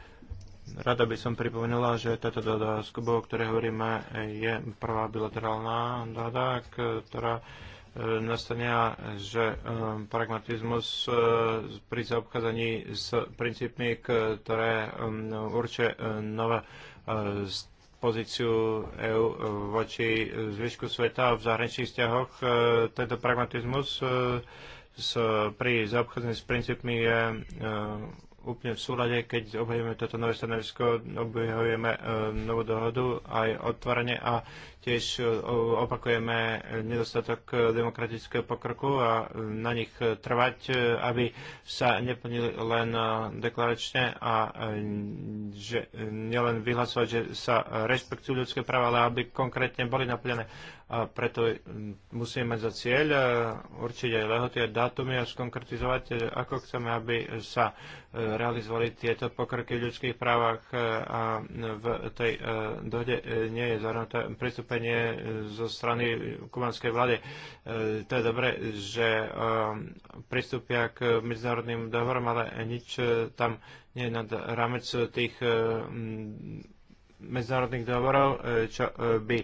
Rada by som pripomenula, že táto dohoda s Kubou, o ktorej hovoríme, je prvá bilaterálna dohoda, ktorá Nastania a že um, pragmatizmus uh, pri zaobchádzaní s princípmi, ktoré um, určuje uh, nové uh, pozíciu EÚ voči zvyšku sveta v zahraničných vzťahoch. Tento pragmatizmus pri zaobchádzaní s princípmi je úplne v súlade, keď obhajujeme toto nové stanovisko, obhajujeme novú dohodu aj otvorene a Tiež e, opakujeme nedostatok e, demokratického pokroku a e, na nich trvať, aby sa neplnili len deklaračne a že nielen vyhlasovať, že sa rešpektujú ľudské práva, ale aby konkrétne boli naplnené. A preto musíme mať za cieľ určite aj lehoty a dátumy a skonkretizovať, ako chceme, aby sa realizovali tieto pokroky v ľudských právach a v tej dohode nie je zahrnuté prístup utrpenie e, zo strany kubanskej vlády. E, to je dobre, že e, pristúpia k medzinárodným dohovorom, ale nič tam nie je nad rámec tých medzinárodných dohovorov, čo by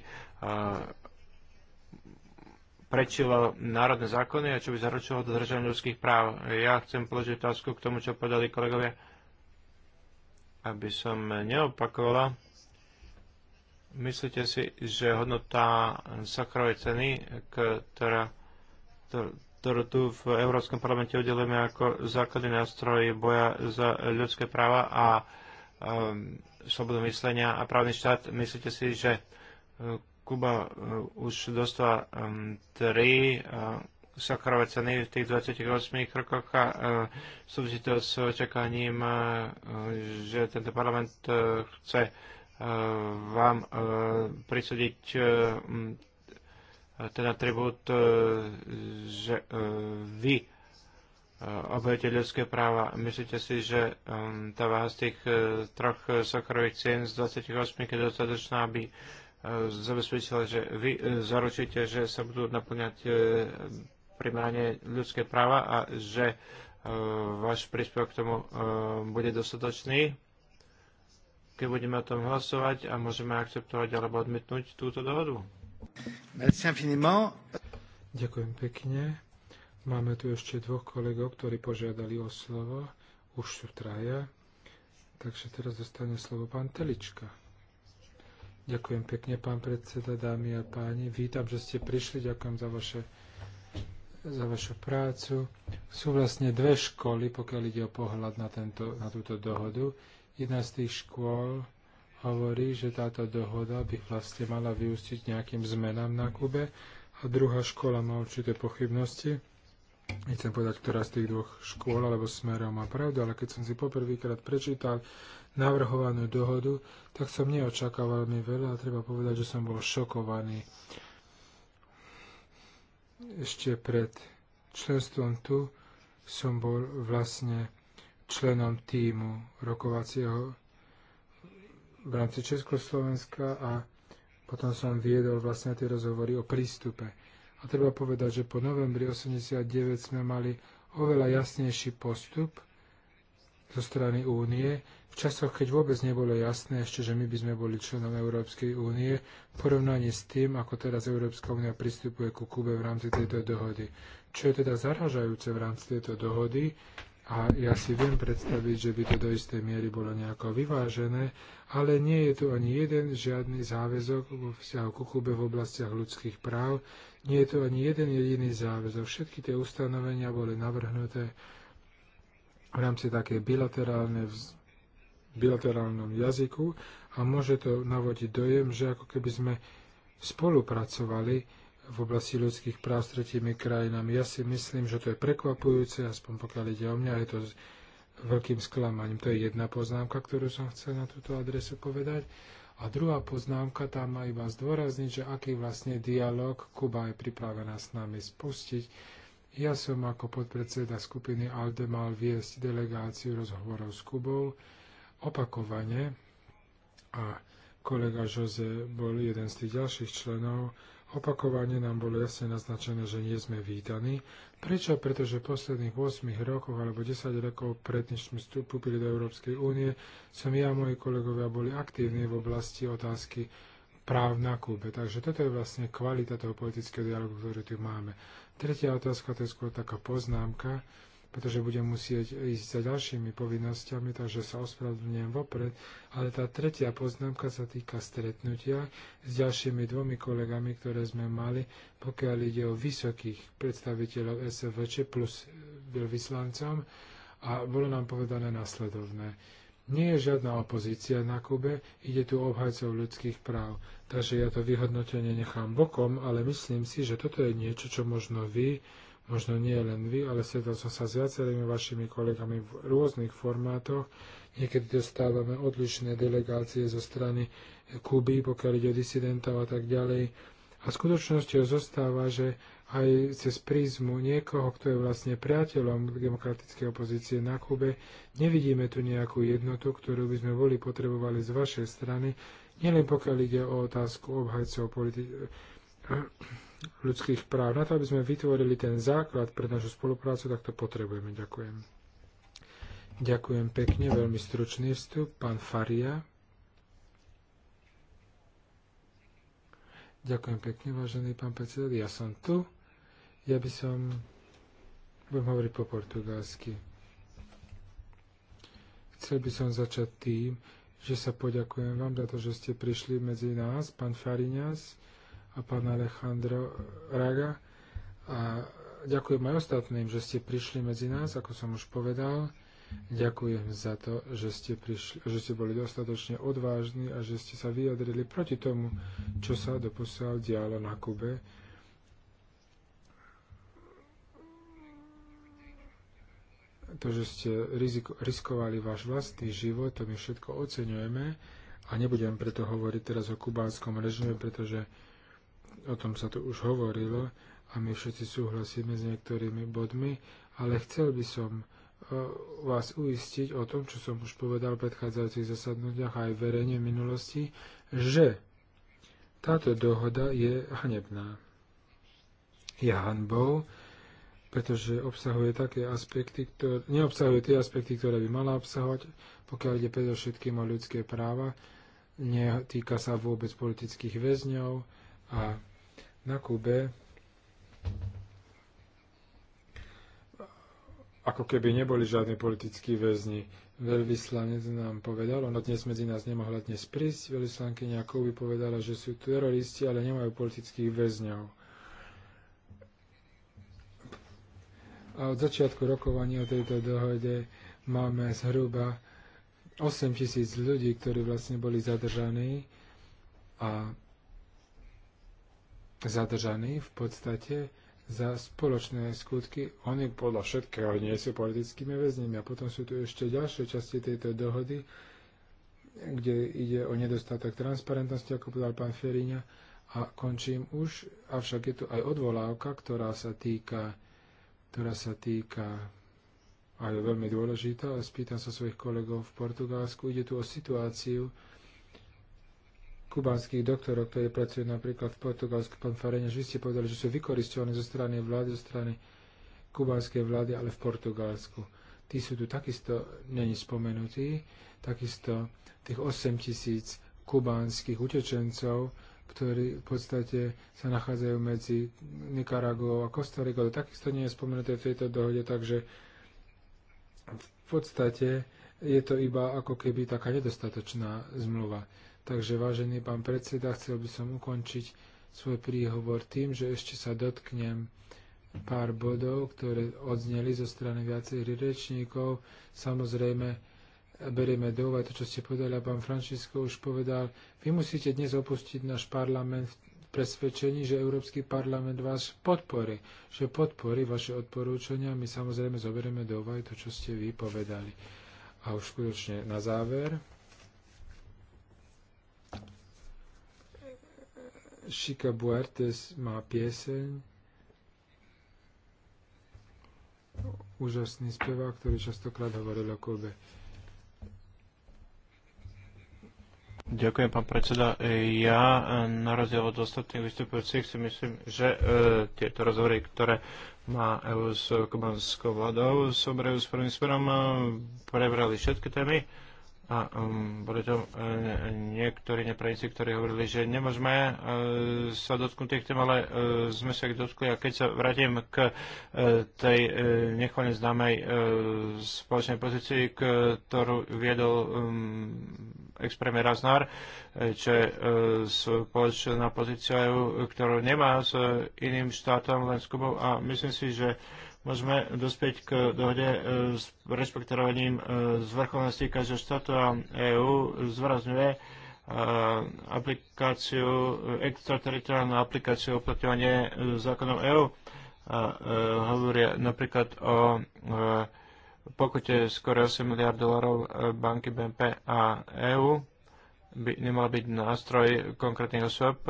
prečilo národné zákony a čo by zaručilo dodržanie ľudských práv. Ja chcem položiť otázku k tomu, čo povedali kolegovia, aby som neopakovala. Myslíte si, že hodnota sakrovej ceny, ktorá, ktorú tu v Európskom parlamente udelujeme ako základný nástroj boja za ľudské práva a um, slobodu myslenia a právny štát, myslíte si, že uh, Kuba uh, už dostala um, tri uh, sakrové ceny v tých 28 rokoch a uh, súvisí to s očakaním, uh, že tento parlament uh, chce uh, vám e, prisúdiť e, ten teda atribút, e, že vy obhajujete ľudské práva. Myslíte si, že tá váha z tých troch sokrových cien z 28 je dostatočná, aby zabezpečila, že vy zaručíte, že sa budú naplňať primárne ľudské práva a že váš príspevok k tomu bude dostatočný? keď budeme o tom hlasovať a môžeme akceptovať alebo odmietnúť túto dohodu. Ďakujem pekne. Máme tu ešte dvoch kolegov, ktorí požiadali o slovo. Už sú traja. Takže teraz dostane slovo pán Telička. Ďakujem pekne, pán predseda, dámy a páni. Vítam, že ste prišli. Ďakujem za, vaše, za vašu prácu. Sú vlastne dve školy, pokiaľ ide o pohľad na, tento, na túto dohodu. Jedna z tých škôl hovorí, že táto dohoda by vlastne mala vyústiť nejakým zmenám na Kube a druhá škola má určité pochybnosti. Nechcem povedať, ktorá z tých dvoch škôl alebo smerov má pravdu, ale keď som si poprvýkrát prečítal navrhovanú dohodu, tak som neočakával mi veľa a treba povedať, že som bol šokovaný. Ešte pred členstvom tu som bol vlastne členom týmu rokovacieho v rámci Československa a potom som viedol vlastne tie rozhovory o prístupe. A treba povedať, že po novembri 89 sme mali oveľa jasnejší postup zo strany únie, v časoch, keď vôbec nebolo jasné ešte, že my by sme boli členom Európskej únie, v porovnaní s tým, ako teraz Európska únia pristupuje ku Kube v rámci tejto dohody. Čo je teda zaražajúce v rámci tejto dohody, a ja si viem predstaviť, že by to do istej miery bolo nejako vyvážené, ale nie je tu ani jeden žiadny záväzok vo vzťahu ku Kube v oblastiach ľudských práv, nie je tu ani jeden jediný záväzok. Všetky tie ustanovenia boli navrhnuté v rámci také bilaterálne vz... bilaterálnom jazyku a môže to navodiť dojem, že ako keby sme spolupracovali v oblasti ľudských práv s tretími krajinami. Ja si myslím, že to je prekvapujúce, aspoň pokiaľ ide o mňa, je to veľkým sklamaním. To je jedna poznámka, ktorú som chcel na túto adresu povedať. A druhá poznámka, tá má iba zdôrazniť, že aký vlastne dialog Kuba je pripravená s nami spustiť. Ja som ako podpredseda skupiny ALDE mal viesť delegáciu rozhovorov s Kubou opakovane a kolega Jose bol jeden z tých ďalších členov Opakovane nám bolo jasne naznačené, že nie sme vítaní. Prečo? Pretože v posledných 8 rokoch alebo 10 rokov pred než sme vstúpili do Európskej únie, som ja a moji kolegovia boli aktívni v oblasti otázky práv na Kube. Takže toto je vlastne kvalita toho politického dialogu, ktorý tu máme. Tretia otázka, to je skôr taká poznámka pretože budem musieť ísť za ďalšími povinnosťami, takže sa ospravedlňujem vopred. Ale tá tretia poznámka sa týka stretnutia s ďalšími dvomi kolegami, ktoré sme mali, pokiaľ ide o vysokých predstaviteľov SFVČ plus veľvyslancom a bolo nám povedané nasledovné. Nie je žiadna opozícia na Kube, ide tu obhajcov ľudských práv. Takže ja to vyhodnotenie nechám bokom, ale myslím si, že toto je niečo, čo možno vy možno nie len vy, ale stretol som sa s viacerými vašimi kolegami v rôznych formátoch. Niekedy dostávame odlišné delegácie zo strany Kuby, pokiaľ ide o disidentov a tak ďalej. A skutočnosťou zostáva, že aj cez prízmu niekoho, kto je vlastne priateľom demokratickej opozície na Kube, nevidíme tu nejakú jednotu, ktorú by sme boli potrebovali z vašej strany, nielen pokiaľ ide o otázku obhajcov politi- ľudských práv. Na to, aby sme vytvorili ten základ pre našu spoluprácu, tak to potrebujeme. Ďakujem. Ďakujem pekne, veľmi stručný vstup. Pán Faria. Ďakujem pekne, vážený pán predseda. Ja som tu. Ja by som... Budem hovoriť po portugalsky. Chcel by som začať tým, že sa poďakujem vám za to, že ste prišli medzi nás, pán Fariňas a pán Alejandro Raga. A ďakujem aj ostatným, že ste prišli medzi nás, ako som už povedal. Ďakujem za to, že ste, prišli, že ste boli dostatočne odvážni a že ste sa vyjadrili proti tomu, čo sa doposiaľ dialo na Kube. To, že ste riziko, riskovali váš vlastný život, to my všetko oceňujeme a nebudem preto hovoriť teraz o kubánskom režime, pretože o tom sa tu už hovorilo a my všetci súhlasíme s niektorými bodmi, ale chcel by som e, vás uistiť o tom, čo som už povedal v predchádzajúcich zasadnutiach aj verejne v minulosti, že táto dohoda je hanebná. Je hanbou, pretože obsahuje také aspekty, ktoré, neobsahuje tie aspekty, ktoré by mala obsahovať, pokiaľ ide predovšetkým o ľudské práva, netýka sa vôbec politických väzňov a na Kube ako keby neboli žiadni politickí väzni. Veľvyslanec nám povedal, ona dnes medzi nás nemohla dnes prísť, nejakou by povedala, že sú teroristi, ale nemajú politických väzňov. A od začiatku rokovania o tejto dohode máme zhruba 8 tisíc ľudí, ktorí vlastne boli zadržaní a zadržaní v podstate za spoločné skutky. Oni podľa všetkého nie sú politickými väzňami. A potom sú tu ešte ďalšie časti tejto dohody, kde ide o nedostatok transparentnosti, ako povedal pán Ferina. A končím už, avšak je tu aj odvolávka, ktorá sa týka, ktorá sa týka a je veľmi dôležitá. Spýtam sa svojich kolegov v Portugalsku. Ide tu o situáciu, kubánskych doktorov, ktorí pracujú napríklad v Portugalsku, pán že vy ste povedali, že sú vykoristovaní zo strany vlády, zo strany kubanskej vlády, ale v Portugalsku. Tí sú tu takisto, není spomenutí, takisto tých 8 tisíc kubánskych utečencov, ktorí v podstate sa nachádzajú medzi Nikaragou a Kostarikou. Takisto nie je spomenuté v tejto dohode, takže v podstate je to iba ako keby taká nedostatočná zmluva. Takže, vážený pán predseda, chcel by som ukončiť svoj príhovor tým, že ešte sa dotknem pár bodov, ktoré odzneli zo strany viacerých rečníkov. Samozrejme, berieme do úvahy to, čo ste povedali a pán Francisco už povedal. Vy musíte dnes opustiť náš parlament v presvedčení, že Európsky parlament vás podporí, že podporí vaše odporúčania. My samozrejme zoberieme do úvahy to, čo ste vy povedali. A už skutočne na záver. Chica Buertes má pieseň. Úžasný spevák, ktorý častokrát hovoril o Kobe. Ďakujem, pán predseda. E, ja e, na rozdiel od ostatných vystupujúcich si myslím, že e, tieto rozhovory, ktoré má EU s kubanskou vládou, sú so, s prvým smerom, e, prebrali všetky témy a um, boli tam e, niektorí neprajníci, ktorí hovorili, že nemôžeme uh, sa dotknúť tých tém, ale uh, sme sa ich dotkli. A keď sa vrátim k uh, tej uh, nechválne známej uh, spoločnej pozícii, ktorú viedol um, ex-premier Aznár, čo je uh, spoločná pozícia, ktorú nemá s iným štátom, len s Kubou. A myslím si, že uh, môžeme dospieť k dohode e, s rešpektovaním e, zvrchovnosti každého štátu a EÚ zvrazňuje e, aplikáciu, extrateritoriálnu aplikáciu uplatňovanie zákonov EÚ. A, hovoria napríklad o pokute skoro 8 miliard dolarov banky BNP a EÚ by nemal byť nástroj konkrétnych osôb,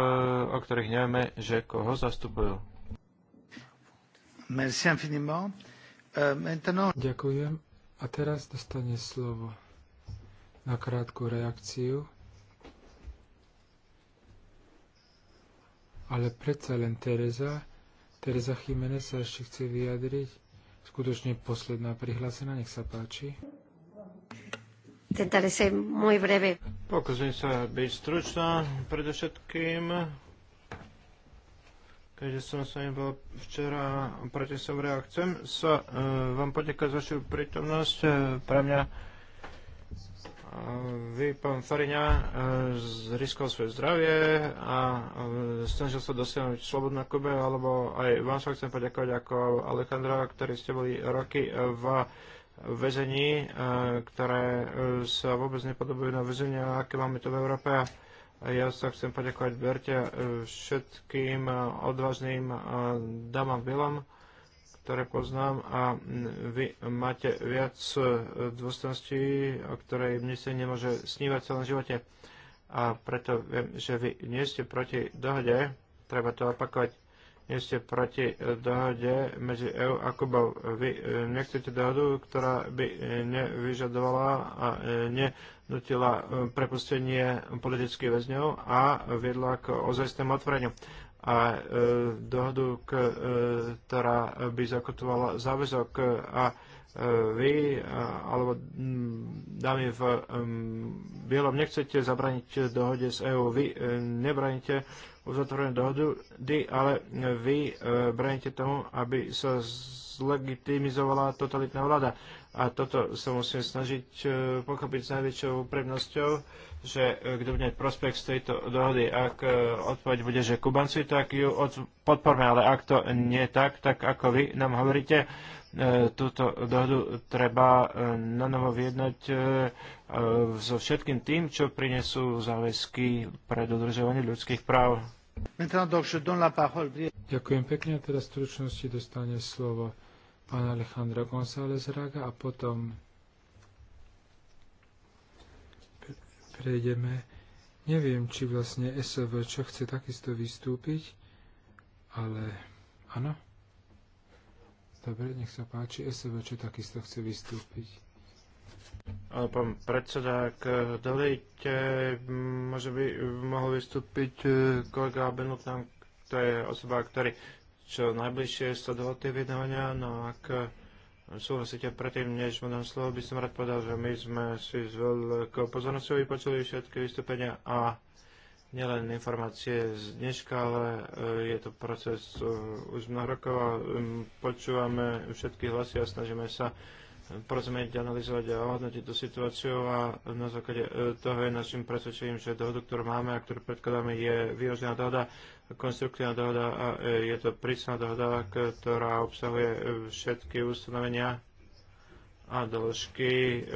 o ktorých nevieme, že koho zastupujú. Euh, Ďakujem. A teraz dostane slovo na krátku reakciu. Ale predsa len Tereza. Tereza Jiménez sa ešte chce vyjadriť. Skutočne posledná prihlásená, nech sa páči. Intentaré ser muy breve. Pokúsim sa byť stručná. Predovšetkým keďže som sa im bol včera proti som Chcem sa e, vám poďakovať za vašu prítomnosť. E, pre mňa e, vy, pán Fariňa, e, zriskal svoje zdravie a e, snažil sa dosiahnuť slobodná na Kube, alebo aj vám sa chcem poďakovať ako Alejandra, ktorí ste boli roky v väzení, e, ktoré e, sa vôbec nepodobujú na väzenia, aké máme to v Európe. Ja sa chcem poďakovať Berte e, všetkým e, odvážnym e, dámam vilom, ktoré poznám a vy máte viac dôstojnosti, o ktorej mne sa nemôže snívať v celom živote. A preto viem, že vy nie ste proti dohode, treba to opakovať nie ste proti eh, dohode medzi EU a Kubou. Vy eh, nechcete dohodu, ktorá by eh, nevyžadovala a nenutila prepustenie politických väzňov a viedla k ozajstnému otvoreniu a dohodu, ktorá by zakotovala záväzok a vy alebo mm, dámy v mm, bielom nechcete zabraniť dohode s EÚ. Vy e, nebraníte uzatvorenú dohodu, ale vy e, braníte tomu, aby sa zlegitimizovala totalitná vláda. A toto sa musíme snažiť e, pochopiť s najväčšou úprimnosťou, že kto bude prospekt z tejto dohody. Ak odpoveď bude, že Kubanci, tak ju podporme, ale ak to nie tak, tak ako vy nám hovoríte, E, túto dohodu treba e, na novo vyjednať e, so všetkým tým, čo prinesú záväzky pre dodržovanie ľudských práv. Ďakujem pekne. teraz v stručnosti dostane slovo pán Alejandro González Raga a potom prejdeme. Neviem, či vlastne SOV čo chce takisto vystúpiť, ale áno. Dobre, nech sa páči. SVČ takisto chce vystúpiť. Pán predseda, ak dovolíte, môže by mohol vystúpiť e, kolega Benután, to je osoba, ktorý čo najbližšie sledoval tie vydávania, no ak súhlasíte predtým, než mu dám slovo, by som rád povedal, že my sme si s veľkou pozornosťou vypočuli všetky vystúpenia a nielen informácie z dneška, ale e, je to proces e, už mnoho rokov a počúvame všetky hlasy a snažíme sa porozumieť, analyzovať a ohodnotiť tú situáciu a na základe e, toho je našim presvedčením, že dohodu, ktorú máme a ktorú predkladáme, je vyrožená dohoda, konstruktívna dohoda a je to prísna dohoda, ktorá obsahuje všetky ustanovenia a doložky,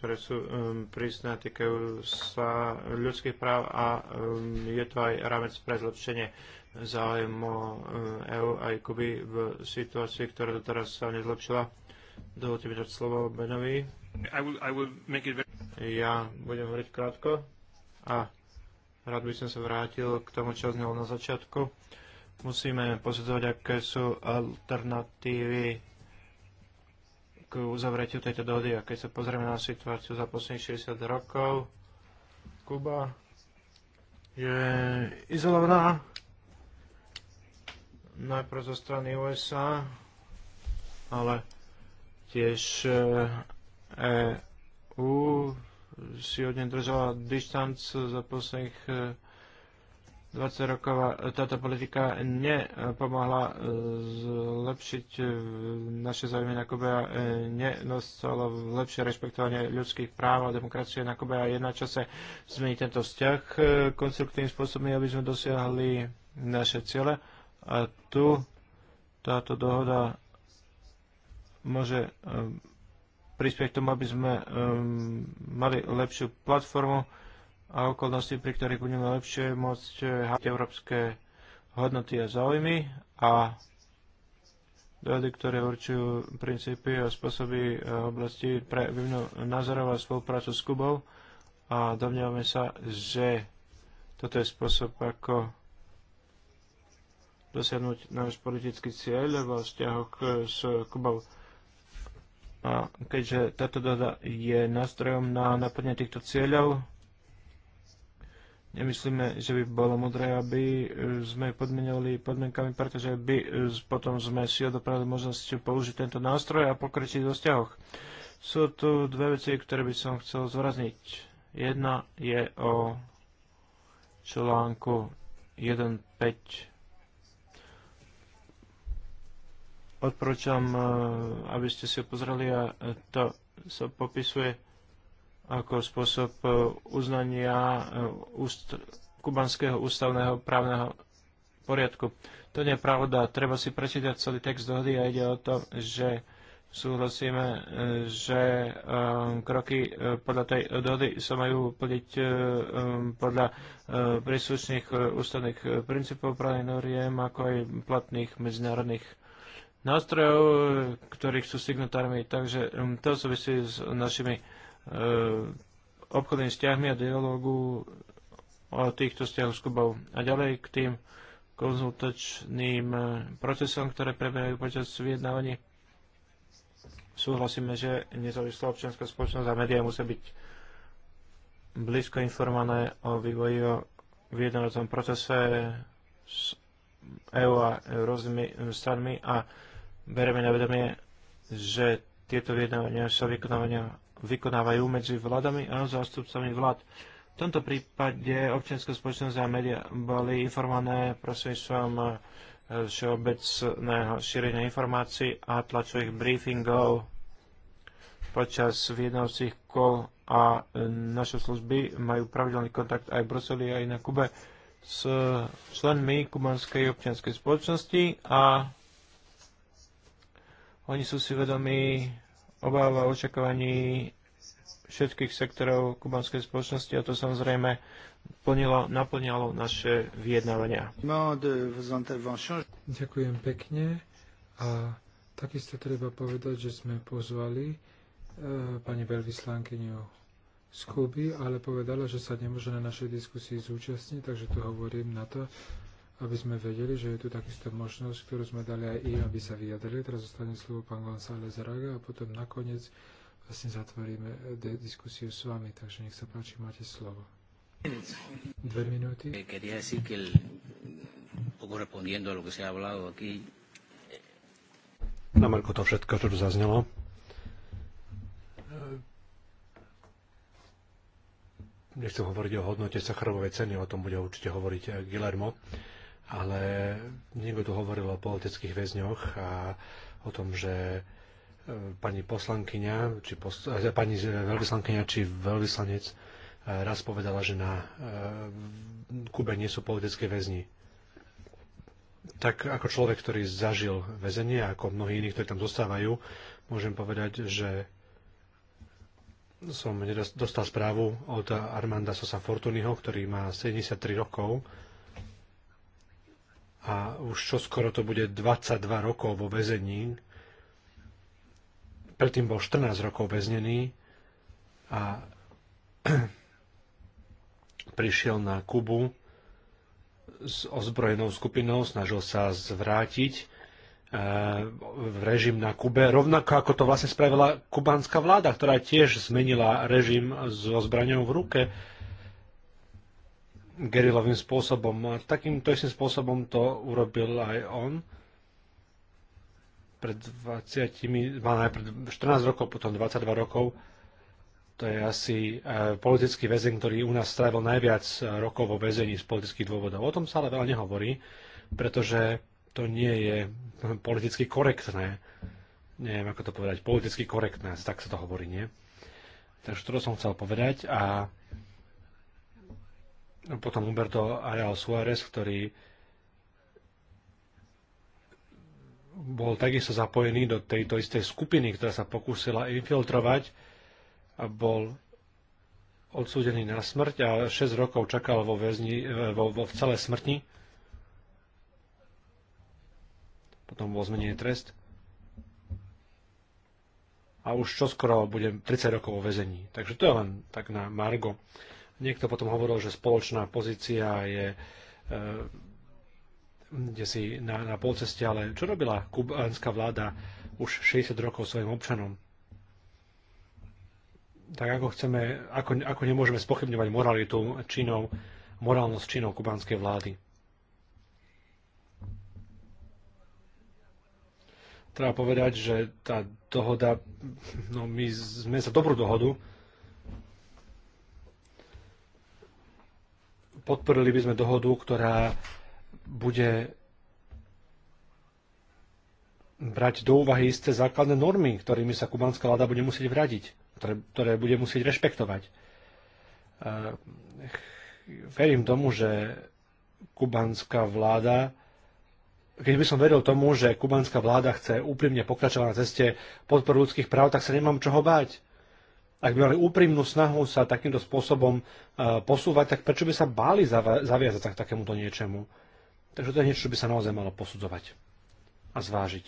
ktoré sú um, prísne, týkajú sa ľudských práv a um, je to aj rámec pre zlepšenie záujmu EÚ um, e aj Kuby v situácii, ktorá doteraz sa nezlepšila. Dovolte mi dať slovo Benovi. I will, I will make it very... Ja budem hovoriť krátko a rád by som sa vrátil k tomu, čo znelo na začiatku. Musíme posledovať, aké sú alternatívy k uzavretiu tejto dohody. A keď sa pozrieme na situáciu za posledných 60 rokov, Kuba je izolovaná najprv zo strany USA, ale tiež EU eh, e si od nej držala distanc za posledných eh, 20 rokov táto politika nepomohla e, zlepšiť e, naše záujmy na Kube a e, nenoscalo lepšie rešpektovanie ľudských práv a demokracie na Kube a je na čase zmeniť tento vzťah konstruktívnym spôsobom, aby sme dosiahli naše ciele. A tu táto dohoda môže prispieť k tomu, aby sme mali lepšiu platformu a okolnosti, pri ktorých budeme lepšie môcť hájať eh, európske hodnoty a záujmy a dohody, ktoré určujú princípy a spôsoby eh, oblasti pre výmenu názorov a spoluprácu s Kubou a domnievame sa, že toto je spôsob, ako dosiahnuť náš politický cieľ vo vzťahoch s Kubou. A keďže táto dohoda je nástrojom na naplnenie týchto cieľov, Nemyslíme, že by bolo mudré, aby e, sme podmenili podmienkami, pretože by e, potom sme si odopravili možnosť použiť tento nástroj a pokročiť vo vzťahoch. Sú tu dve veci, ktoré by som chcel zvrazniť. Jedna je o článku 1.5 odporúčam, e, aby ste si ho pozreli a to sa popisuje ako spôsob e, uznania e, úst, kubanského ústavného právneho poriadku. To nie je pravda. Treba si prečítať celý text dohody a ide o to, že súhlasíme, e, že kroky podľa tej dohody sa majú plniť podľa príslušných ústavných princípov právnych noriem, ako aj platných medzinárodných nástrojov, ktorých sú signatármi. Takže to súvisí s našimi E, obchodnými vzťahmi a dialogu o týchto vzťahoch s Kubou. A ďalej k tým konzultačným e, procesom, ktoré prebiehajú počas vyjednávaní. Súhlasíme, že nezávislá občianská spoločnosť a médiá musia byť blízko informované o vývoji o vyjednávacom procese s EU a rôznymi e, stranmi a bereme na vedomie, že tieto vyjednávania sa vykonávania vykonávajú medzi vládami a zástupcami vlád. V tomto prípade občianská spoločnosť a média boli informované prostredstvom eh, všeobecného šírenia informácií a tlačových briefingov počas vyjednávacích kol a eh, naše služby majú pravidelný kontakt aj v Bruseli, aj na Kube s eh, členmi kubanskej občianskej spoločnosti a oni sú si vedomí obáva očakovaní očakávaní všetkých sektorov kubanskej spoločnosti a to samozrejme plnilo, naplňalo naše vyjednávania. No, Ďakujem pekne a takisto treba povedať, že sme pozvali e, pani veľvyslankyňu z Kuby, ale povedala, že sa nemôže na našej diskusii zúčastniť, takže to hovorím na to, aby sme vedeli, že je tu takisto možnosť, ktorú sme dali aj im, aby sa vyjadrili. Teraz zostane slovo pán González Raga a potom nakoniec vlastne zatvoríme eh, diskusiu s vami. Takže nech sa páči, máte slovo. Dve minúty. Eh, Na Marko to všetko, čo tu zaznelo. Eh, nechcem hovoriť o hodnote sacharovej ceny, o tom bude určite hovoriť Guillermo ale niekto tu hovoril o politických väzňoch a o tom, že e, pani poslankyňa, či pos, e, pani veľvyslankyňa, či veľvyslanec e, raz povedala, že na Kube nie sú politické väzni. Tak ako človek, ktorý zažil väzenie, ako mnohí iní, ktorí tam zostávajú, môžem povedať, že som dostal správu od Armanda Sosa Fortuniho, ktorý má 73 rokov, a už čo skoro to bude 22 rokov vo väzení. Predtým bol 14 rokov väznený a [clears throat] prišiel na Kubu s ozbrojenou skupinou, snažil sa zvrátiť e, v režim na Kube, rovnako ako to vlastne spravila kubánska vláda, ktorá tiež zmenila režim so zbraňou v ruke gerilovým spôsobom. A takýmto istým spôsobom to urobil aj on. Pred 20, mal najprv 14 rokov, potom 22 rokov. To je asi e, politický väzeň, ktorý u nás strávil najviac e, rokov vo väzení z politických dôvodov. O tom sa ale veľa nehovorí, pretože to nie je politicky korektné. Neviem, ako to povedať. Politicky korektné, tak sa to hovorí, nie? Takže to som chcel povedať a potom Humberto Areal Suárez, ktorý bol takisto zapojený do tejto istej skupiny, ktorá sa pokúsila infiltrovať a bol odsúdený na smrť a 6 rokov čakal vo, väzni, vo, vo v celé smrti. Potom bol zmenený trest. A už čoskoro bude 30 rokov vo väzení. Takže to je len tak na Margo. Niekto potom hovoril, že spoločná pozícia je e, kde si na, na polceste, ale čo robila kubánska vláda už 60 rokov svojim občanom? Tak ako chceme, ako, ako nemôžeme spochybňovať moralitu činov, morálnosť činov kubánskej vlády? Treba povedať, že tá dohoda, no my sme za dobrú dohodu, podporili by sme dohodu, ktorá bude brať do úvahy isté základné normy, ktorými sa kubánska vláda bude musieť vradiť, ktoré, ktoré bude musieť rešpektovať. Eh, verím tomu, že kubánska vláda keď by som veril tomu, že kubánska vláda chce úprimne pokračovať na ceste podporu ľudských práv, tak sa nemám čoho báť ak by mali úprimnú snahu sa takýmto spôsobom e, posúvať, tak prečo by sa báli zaviazať sa k takémuto niečomu? Takže to je niečo, čo by sa naozaj malo posudzovať a zvážiť.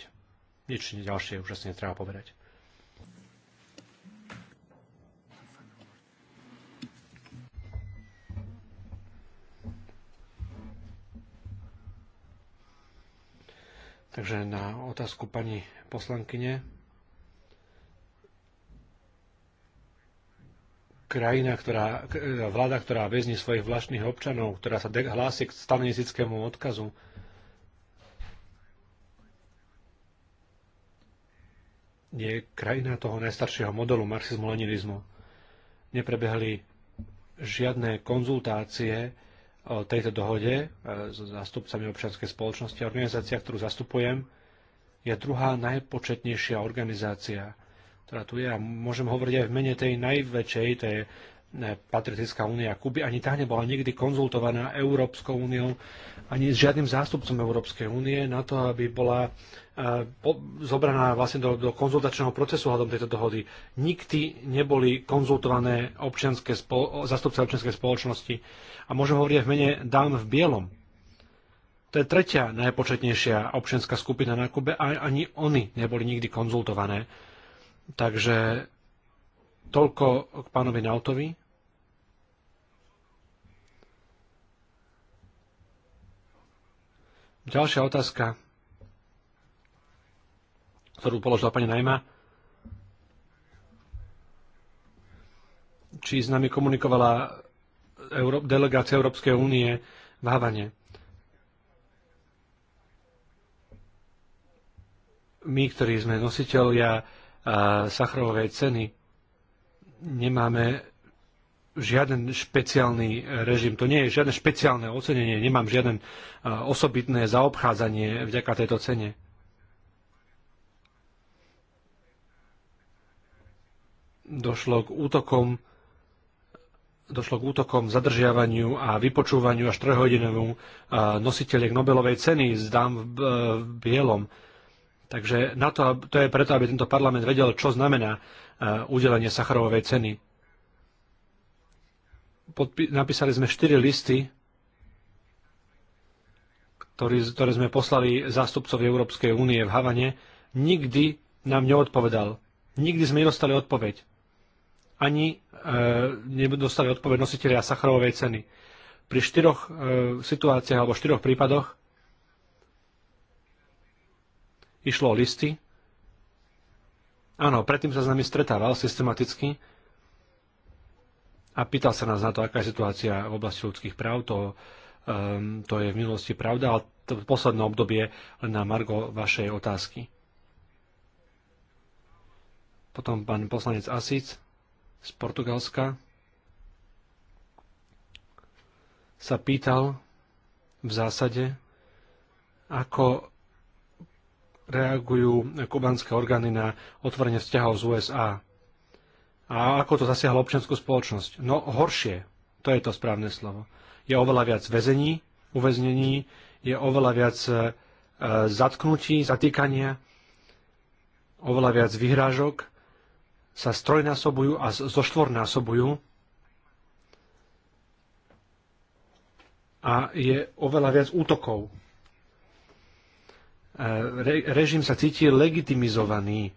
Nič ďalšie už asi netreba povedať. Takže na otázku pani poslankyne krajina, ktorá, e, vláda, ktorá väzni svojich vlastných občanov, ktorá sa hlási k stalinistickému odkazu. Je krajina toho najstaršieho modelu marxizmu-leninizmu. Neprebehli žiadne konzultácie o tejto dohode e, so zástupcami občianskej spoločnosti. Organizácia, ktorú zastupujem, je druhá najpočetnejšia organizácia ktorá tu je a môžem hovoriť aj v mene tej najväčšej, to je e, Patriotická únia Kuby, ani tá nebola nikdy konzultovaná Európskou úniou, ani s žiadnym zástupcom Európskej únie na to, aby bola e, zobraná vlastne do, do konzultačného procesu hľadom tejto dohody. Nikdy neboli konzultované občianske spolo, zastupce občianskej spoločnosti. A môžem hovoriť aj v mene Dám v Bielom. To je tretia najpočetnejšia občianská skupina na Kube a ani oni neboli nikdy konzultované Takže toľko k pánovi Nautovi. Ďalšia otázka, ktorú položila pani Najma. Či s nami komunikovala delegácia Európskej únie v Havane? My, ktorí sme nositeľia Sachrovej ceny nemáme žiaden špeciálny režim. To nie je žiadne špeciálne ocenenie, nemám žiaden osobitné zaobchádzanie vďaka tejto cene. Došlo k útokom došlo k útokom, zadržiavaniu a vypočúvaniu až trojhodinovú nositeľiek Nobelovej ceny s dám v e, bielom. Takže na to, to je preto, aby tento parlament vedel, čo znamená e, udelenie Sacharovej ceny. Podpi- napísali sme štyri listy, ktorý, ktoré sme poslali zástupcovi Európskej únie v Havane. Nikdy nám neodpovedal. Nikdy sme nedostali odpoveď. Ani e, nedostali odpoveď nositeľia Sacharovej ceny. Pri štyroch e, situáciách alebo štyroch prípadoch Išlo o listy. Áno, predtým sa s nami stretával systematicky a pýtal sa nás na to, aká je situácia v oblasti ľudských práv. To, um, to je v minulosti pravda, ale to v poslednom obdobie len na margo vašej otázky. Potom pán poslanec Asic z Portugalska sa pýtal v zásade, ako reagujú kubanské orgány na otvorenie vzťahov z USA? A ako to zasiahlo občianskú spoločnosť? No horšie, to je to správne slovo. Je oveľa viac väzení, uväznení, je oveľa viac e, zatknutí, zatýkania, oveľa viac vyhrážok, sa strojnásobujú a zoštvornásobujú a je oveľa viac útokov režim sa cíti legitimizovaný.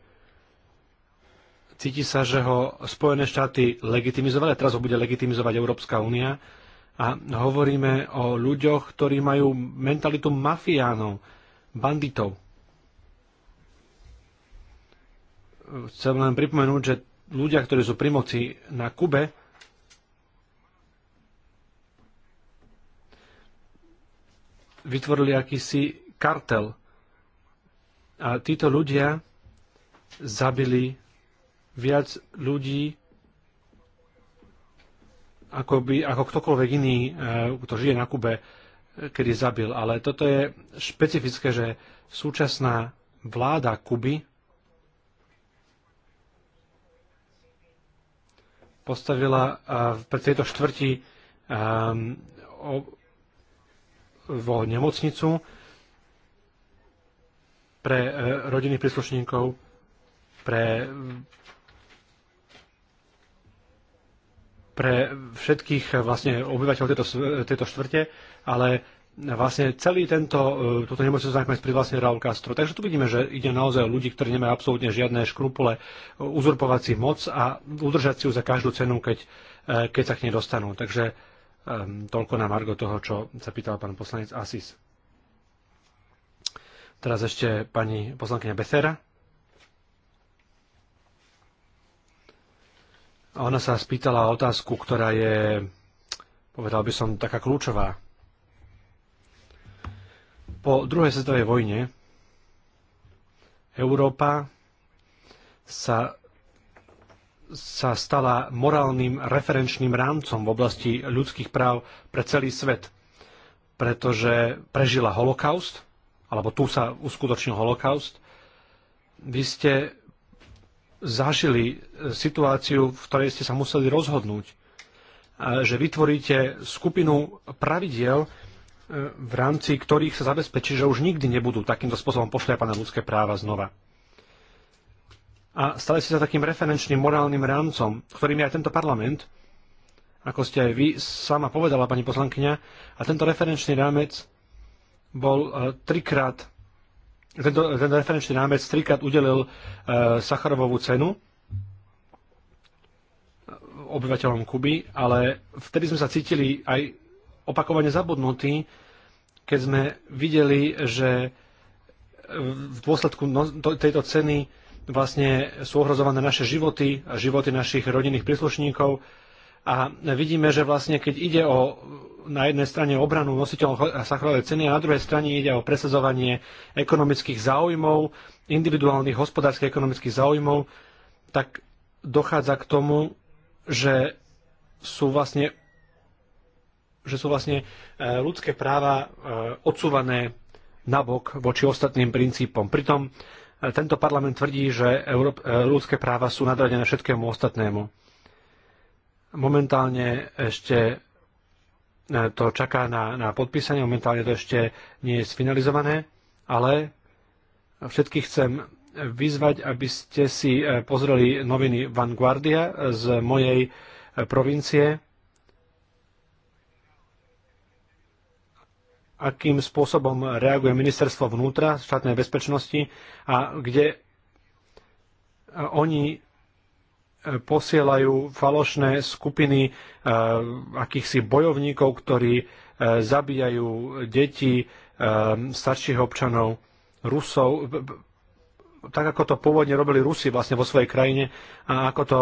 Cíti sa, že ho Spojené štáty legitimizovali, a teraz ho bude legitimizovať Európska únia. A hovoríme o ľuďoch, ktorí majú mentalitu mafiánov, banditov. Chcem len pripomenúť, že ľudia, ktorí sú pri moci na Kube, vytvorili akýsi kartel a títo ľudia zabili viac ľudí ako, by, ako ktokoľvek iný, e, kto žije na Kube, e, kedy zabil. Ale toto je špecifické, že súčasná vláda Kuby postavila e, pre tejto štvrti vo nemocnicu, pre e, rodinných príslušníkov, pre, pre všetkých e, vlastne obyvateľov tejto, e, tejto štvrte, ale vlastne celý tento, toto nemôžete nakoniec vlastne Raúl Castro. Takže tu vidíme, že ide naozaj o ľudí, ktorí nemajú absolútne žiadne škrupule uzurpovať si moc a udržať si ju za každú cenu, keď, keď sa k nej dostanú. Takže toľko na Margo toho, čo sa pýtal pán poslanec Asis. Teraz ešte pani poslankyňa Becera. A ona sa spýtala otázku, ktorá je, povedal by som, taká kľúčová. Po druhej svetovej vojne Európa sa, sa stala morálnym referenčným rámcom v oblasti ľudských práv pre celý svet, pretože prežila holokaust, alebo tu sa uskutočnil holokaust. Vy ste zažili e, situáciu, v ktorej ste sa museli rozhodnúť, e, že vytvoríte skupinu pravidiel, e, v rámci ktorých sa zabezpečí, že už nikdy nebudú takýmto spôsobom pošliapané ľudské práva znova. A stali ste sa takým referenčným morálnym rámcom, ktorým je aj tento parlament, ako ste aj vy sama povedala, pani poslankyňa, a tento referenčný rámec bol e, trikrát, tento, ten referenčný rámec trikrát udelil e, Sacharovovú cenu obyvateľom Kuby, ale vtedy sme sa cítili aj opakovane zabudnutí, keď sme videli, že v dôsledku no, tejto ceny vlastne sú ohrozované naše životy a životy našich rodinných príslušníkov a vidíme, že vlastne keď ide o na jednej strane obranu nositeľov Sacharovej ceny a na druhej strane ide o presadzovanie ekonomických záujmov, individuálnych hospodárskych ekonomických záujmov, tak dochádza k tomu, že sú vlastne, že sú vlastne e, ľudské práva e, odsúvané nabok voči ostatným princípom. Pritom e, tento parlament tvrdí, že ľudské práva sú nadradené všetkému ostatnému. Momentálne ešte e, to čaká na, na podpísanie, momentálne to ešte nie je sfinalizované, ale všetkých chcem vyzvať, aby ste si e, pozreli noviny Vanguardia z mojej e, provincie, akým spôsobom reaguje ministerstvo vnútra, štátnej bezpečnosti a kde oni posielajú falošné skupiny e, akýchsi bojovníkov, ktorí e, zabíjajú deti, e, starších občanov, Rusov, tak ako to pôvodne robili Rusi vlastne vo svojej krajine a ako to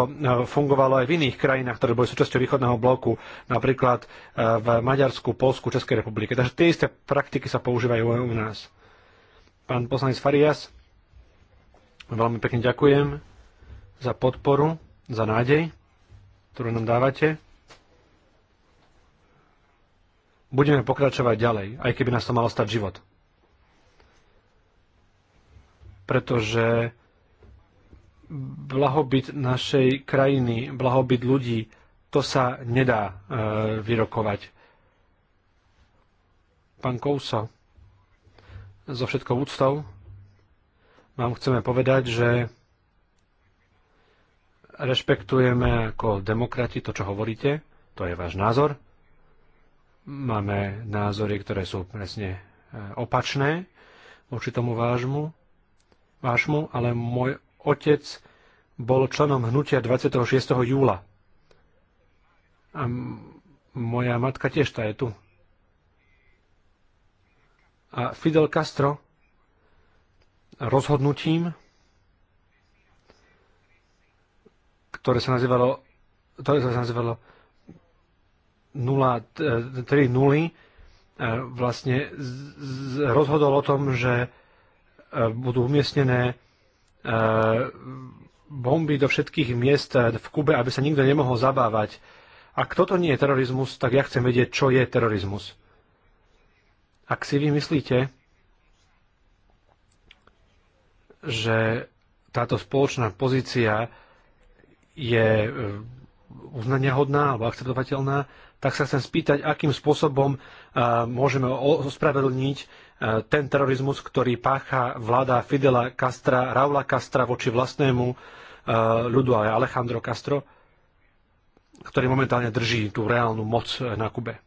fungovalo aj v iných krajinách, ktoré boli súčasťou východného bloku, napríklad v Maďarsku, Polsku, Českej republike. Takže tie isté praktiky sa používajú aj u nás. Pán poslanec Farias, veľmi pekne ďakujem za podporu za nádej, ktorú nám dávate. Budeme pokračovať ďalej, aj keby nás to malo stať život. Pretože blahobyt našej krajiny, blahobyt ľudí, to sa nedá e, vyrokovať. Pán Kouso, so všetkou úctou vám chceme povedať, že Rešpektujeme ako demokrati to, čo hovoríte, to je váš názor. Máme názory, ktoré sú presne e, opačné voči tomu vášmu, vášmu, ale môj otec bol členom hnutia 26. júla. A moja matka tiež tá je tu. A Fidel Castro rozhodnutím ktoré sa nazývalo, ktoré sa nazývalo 0, 3 e, nuly, e, vlastne rozhodol o tom, že e, budú umiestnené bomby do všetkých miest v Kube, aby sa nikto nemohol zabávať. Ak toto nie je terorizmus, tak ja chcem vedieť, čo je terorizmus. Ak si vy myslíte, že táto spoločná pozícia je e, uznaniahodná alebo akceptovateľná, tak sa chcem spýtať, akým spôsobom e, môžeme ospravedlniť e, ten terorizmus, ktorý pácha vláda Fidela Castra, Raula Castra voči vlastnému ľudu, ale Alejandro Castro, ktorý momentálne drží tú reálnu moc na Kube.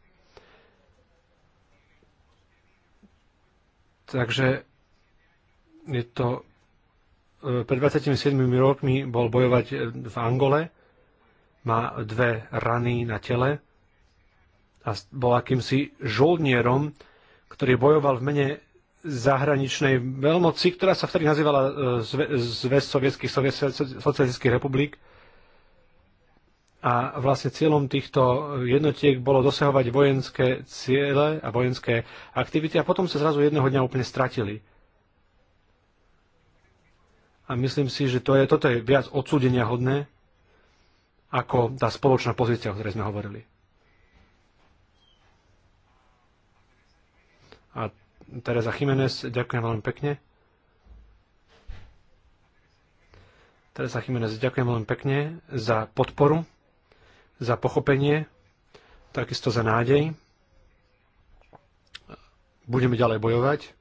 Takže je to pred 27 rokmi bol bojovať v Angole, má dve rany na tele a bol akýmsi žoldnierom, ktorý bojoval v mene zahraničnej veľmoci, ktorá sa vtedy nazývala e, Zväz sovietských socialistických republik. A vlastne cieľom týchto jednotiek bolo dosahovať vojenské ciele a vojenské aktivity a potom sa zrazu jedného dňa úplne stratili. A myslím si, že to je, toto je viac odsúdenia hodné, ako tá spoločná pozícia, o ktorej sme hovorili. A Teresa Jiménez, ďakujem veľmi pekne. Teresa Jiménez, ďakujem veľmi pekne za podporu, za pochopenie, takisto za nádej. Budeme ďalej bojovať.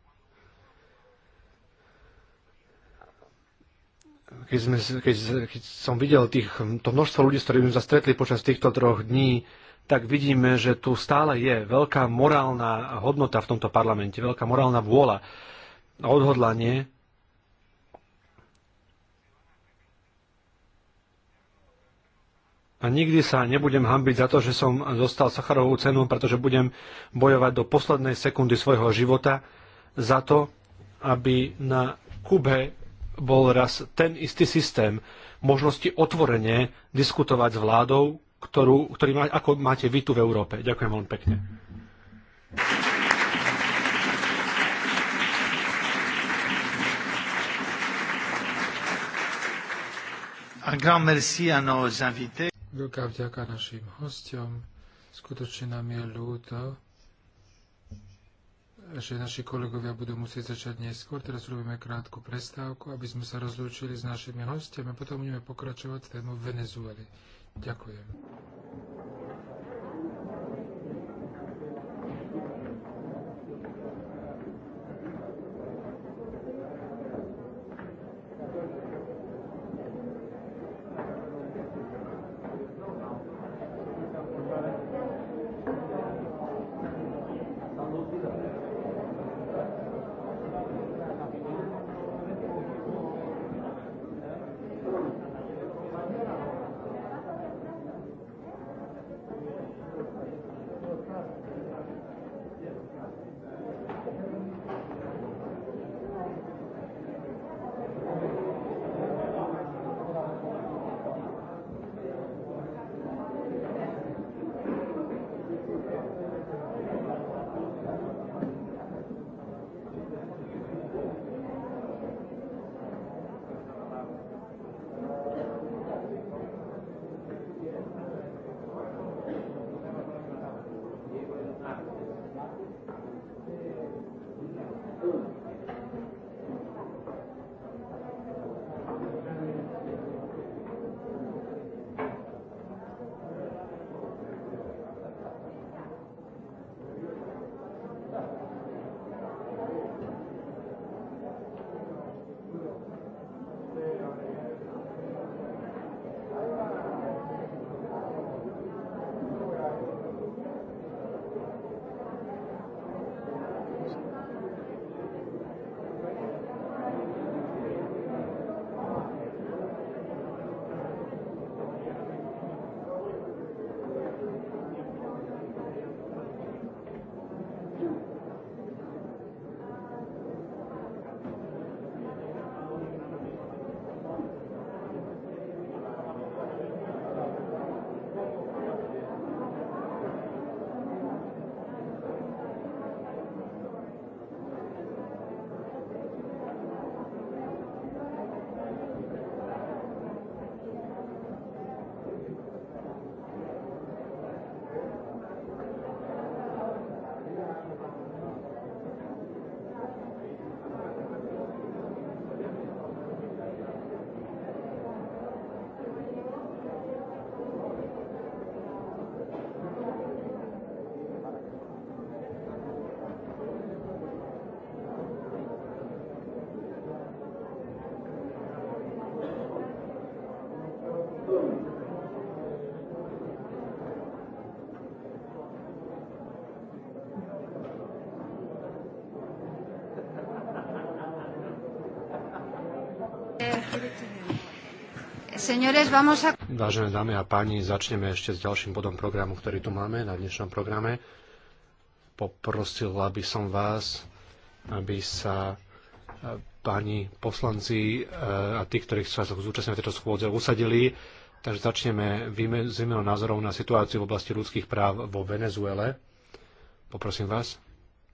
keď, sme, keď, keď som videl tých, to množstvo ľudí, s ktorými sme sa stretli počas týchto troch dní, tak vidíme, že tu stále je veľká morálna hodnota v tomto parlamente, veľká morálna vôľa a odhodlanie. A nikdy sa nebudem hambiť za to, že som dostal Sacharovú cenu, pretože budem bojovať do poslednej sekundy svojho života za to, aby na Kube bol raz ten istý systém možnosti otvorene diskutovať s vládou, ktorú, ktorý má, ako máte vy tu v Európe. Ďakujem veľmi pekne. Veľká vďaka našim hostom. Skutočne nám je ľúto, že naši kolegovia budú musieť začať neskôr. Teraz robíme krátku prestávku, aby sme sa rozlúčili s našimi hostiami a potom budeme pokračovať tému Venezuely. Ďakujem. Vážené dámy a páni, začneme ešte s ďalším bodom programu, ktorý tu máme na dnešnom programe. Poprosil by som vás, aby sa e, páni poslanci e, a tí, ktorí sa zúčastnia tejto schôdze, usadili. Takže začneme s výmenou názorov na situáciu v oblasti ľudských práv vo Venezuele. Poprosím vás.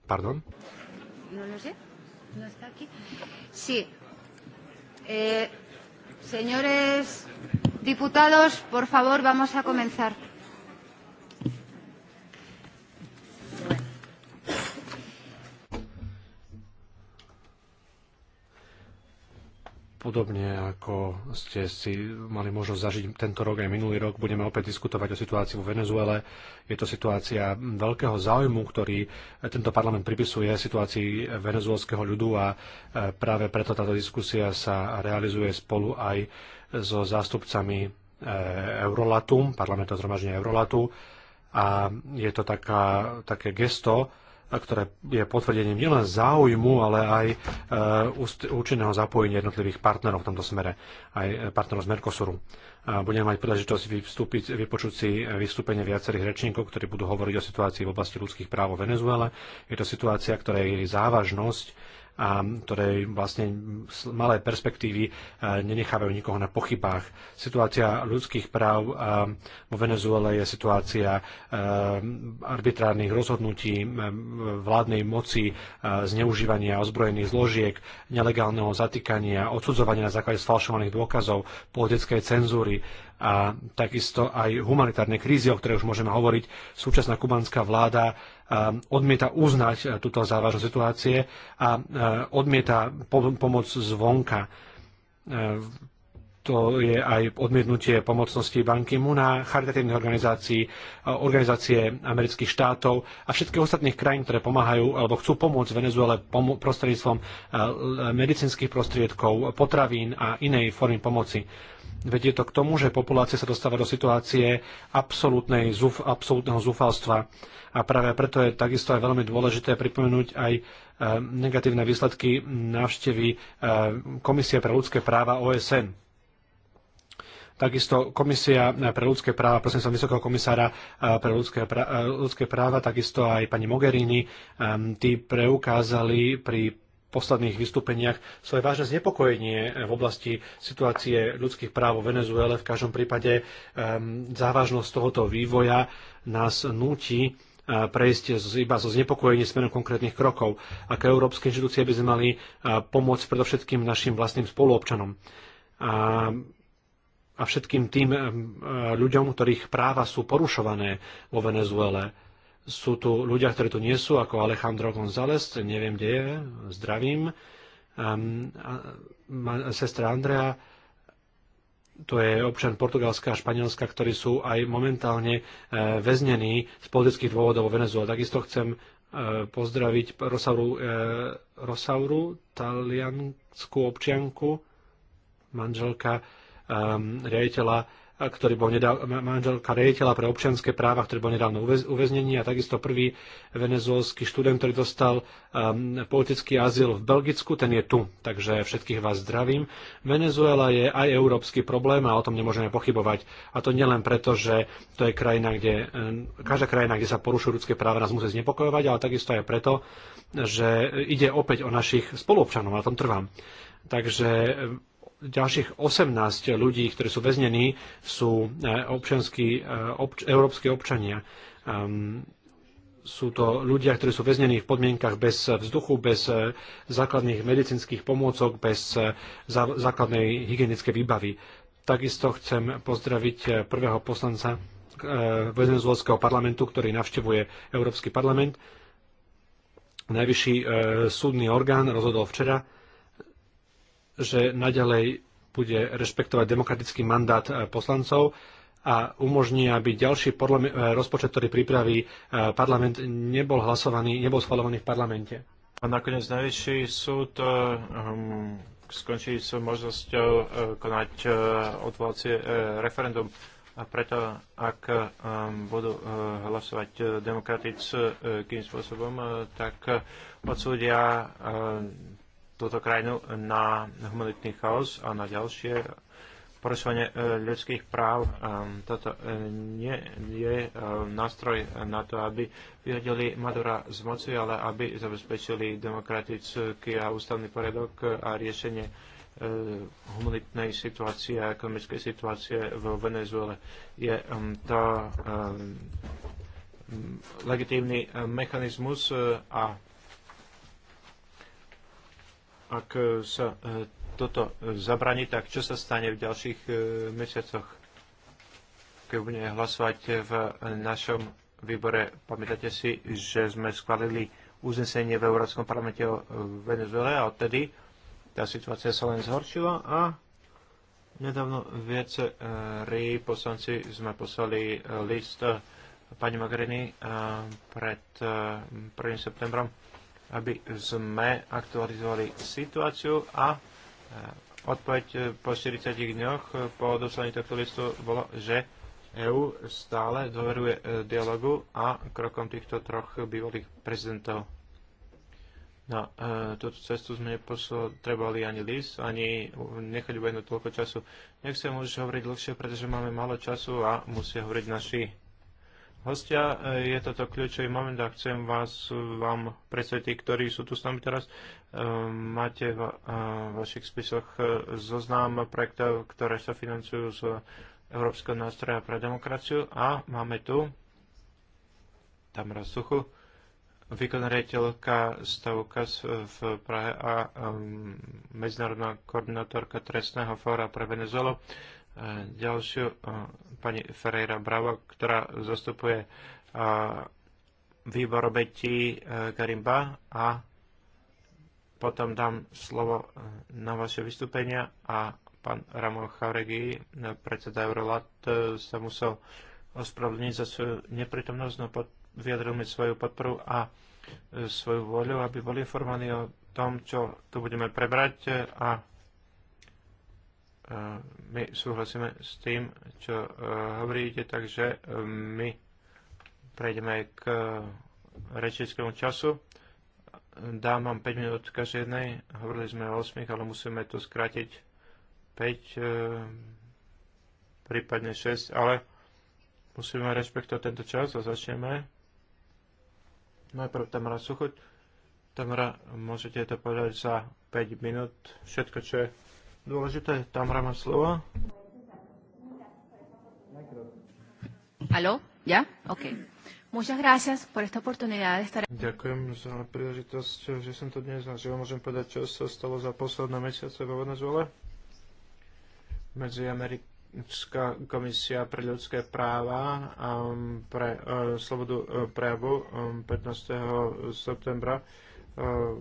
Pardon? No, no, no, Eh, señores diputados, por favor, vamos a comenzar. podobne ako ste si mali možnosť zažiť tento rok aj minulý rok, budeme opäť diskutovať o situácii vo Venezuele. Je to situácia veľkého záujmu, ktorý tento parlament pripisuje situácii venezuelského ľudu a e, práve preto táto diskusia sa realizuje spolu aj so zástupcami e, Eurolatu, parlamentu zhromaždenia Eurolatu. A je to taká, také gesto, ktoré je potvrdením nielen záujmu, ale aj e, účinného zapojenia jednotlivých partnerov v tomto smere, aj partnerov z Mercosuru. Budeme mať príležitosť vystúpiť, vypočuť si vystúpenie viacerých rečníkov, ktorí budú hovoriť o situácii v oblasti ľudských práv v Venezuele. Je to situácia, ktorá je závažnosť a ktoré vlastne malé perspektívy e, nenechávajú nikoho na pochybách. Situácia ľudských práv e, vo Venezuele je situácia e, arbitrárnych rozhodnutí vládnej moci, zneužívania ozbrojených zložiek, nelegálneho zatýkania, odsudzovania na základe sfalšovaných dôkazov, politickej cenzúry a takisto aj humanitárne krízy, o ktorej už môžeme hovoriť. Súčasná kubanská vláda odmieta uznať eh, túto závažnosť situácie a eh, odmieta pomoc zvonka eh, to je aj odmietnutie pomocnosti banky Muna, charitatívnych organizácií, organizácie amerických štátov a všetkých ostatných krajín, ktoré pomáhajú alebo chcú pomôcť Venezuele prostredníctvom e, medicínskych prostriedkov, potravín a inej formy pomoci. Vedie to k tomu, že populácia sa dostáva do situácie zúf- absolútneho zúfalstva. A práve preto je takisto aj veľmi dôležité pripomenúť aj e, negatívne výsledky návštevy e, Komisie pre ľudské práva OSN Takisto Komisia pre ľudské práva, prosím som Vysokého komisára eh, pre ľudské, pra- eh, ľudské práva, takisto aj pani Mogherini, ehm, tí preukázali pri posledných vystúpeniach svoje vážne znepokojenie eh, v oblasti situácie ľudských práv vo Venezuele. V každom prípade ehm, závažnosť tohoto vývoja nás núti prejsť iba zo znepokojení smerom konkrétnych krokov. aké európske inštitúcie by sme mali pomôcť predovšetkým našim vlastným spoluobčanom. A a všetkým tým ľuďom, ktorých práva sú porušované vo Venezuele. Sú tu ľudia, ktorí tu nie sú, ako Alejandro González, neviem, kde je, zdravím, um, a, a, sestra Andrea, to je občan Portugalska a Španielska, ktorí sú aj momentálne eh, väznení z politických dôvodov vo Venezuele. Takisto chcem eh, pozdraviť Rosauru, eh, Rosauru taliansku občianku, manželka Um, riaditeľa ktorý bol nedal, manželka rejiteľa pre občianské práva, ktorý bol nedávno uväznený a takisto prvý venezuelský študent, ktorý dostal um, politický azyl v Belgicku, ten je tu. Takže všetkých vás zdravím. Venezuela je aj európsky problém a o tom nemôžeme pochybovať. A to nielen preto, že to je krajina, kde um, každá krajina, kde sa porušujú ľudské práva, nás musí znepokojovať, ale takisto aj preto, že ide opäť o našich spoluobčanov, na tom trvám. Takže ďalších 18 ľudí, ktorí sú väznení, sú e, občanskí, e, obč, európsky občania. Um, sú to ľudia, ktorí sú väznení v podmienkach bez vzduchu, bez e, základných medicínskych pomôcok, bez základnej hygienickej výbavy. Takisto chcem pozdraviť prvého poslanca venezuelského parlamentu, ktorý navštevuje Európsky parlament. Najvyšší súdny orgán rozhodol včera, že naďalej bude rešpektovať demokratický mandát eh, poslancov a umožní, aby ďalší eh, rozpočet, ktorý pripraví eh, parlament, nebol hlasovaný, nebol schvalovaný v parlamente. A nakoniec najvyšší súd um, skončí s možnosťou uh, konať uh, odvolacie uh, referendum. A preto, ak um, budú uh, hlasovať uh, demokratickým spôsobom, uh, tak odsúdia uh, túto krajinu na humanitný chaos a na ďalšie porušovanie e, ľudských práv. E, toto e, nie je nástroj na to, aby vyhodili Madura z moci, ale aby zabezpečili demokratický a ústavný poriadok a riešenie humanitnej situácie a ekonomickej situácie v Venezuele. Je to legitívny mechanizmus a ak e, sa e, toto e, zabraní, tak čo sa stane v ďalších mesiacoch, keď budeme hlasovať v našom výbore? Pamätáte si, že sme skladili uznesenie v Európskom parlamente o Venezuele a odtedy tá situácia sa len zhoršila a nedávno viacerí poslanci sme poslali list pani Magrini pred 1. septembrom aby sme aktualizovali situáciu a e, odpoveď e, po 40 dňoch e, po odoslaní tohto listu bolo, že EÚ stále dôveruje dialogu a krokom týchto troch bývalých prezidentov. No, túto cestu sme nepotrebovali ani list, ani nechať ubehnúť toľko času. Nechcem už hovoriť dlhšie, pretože máme málo času a musia hovoriť naši hostia. Eh, je toto kľúčový moment a chcem vás, vám predstaviť, ktorí sú tu s nami teraz, eh, máte eh, v vašich spisoch zoznám projektov, ktoré sa financujú z Európskeho nástroja pre demokraciu a máme tu raz Suchu, výkonná riaditeľka KAS v Prahe a medzinárodná koordinátorka Trestného fóra pre Venezuelu ďalšiu pani Ferreira Bravo, ktorá zastupuje výbor obetí e, Karimba a potom dám slovo e, na vaše vystúpenia a pán Ramon Chauregi, e, predseda Eurolat, sa musel ospravedlniť za svoju neprítomnosť, no pod, vyjadril mi svoju podporu a svoju voľu, aby boli informovaní o tom, čo tu budeme prebrať a my súhlasíme s tým, čo e, hovoríte, takže e, my prejdeme k e, rečickému času. Dám vám 5 minút každej jednej. Hovorili sme o 8, ale musíme to skrátiť 5, prípadne 6, ale musíme rešpektovať tento čas a začneme. Najprv Tamara Suchoť. Tamara, môžete to povedať za 5 minút, všetko, čo je dôležité. Tamra má slovo. Aló, ja? OK. Muchas gracias por esta oportunidad de estar... Ďakujem za príležitosť, že som tu dnes naživo. Môžem povedať, čo sa stalo za posledné mesiace vo Venezuele medzi Amerikou komisia pre ľudské práva um, pre uh, slobodu uh, prejavu um, 15. septembra uh,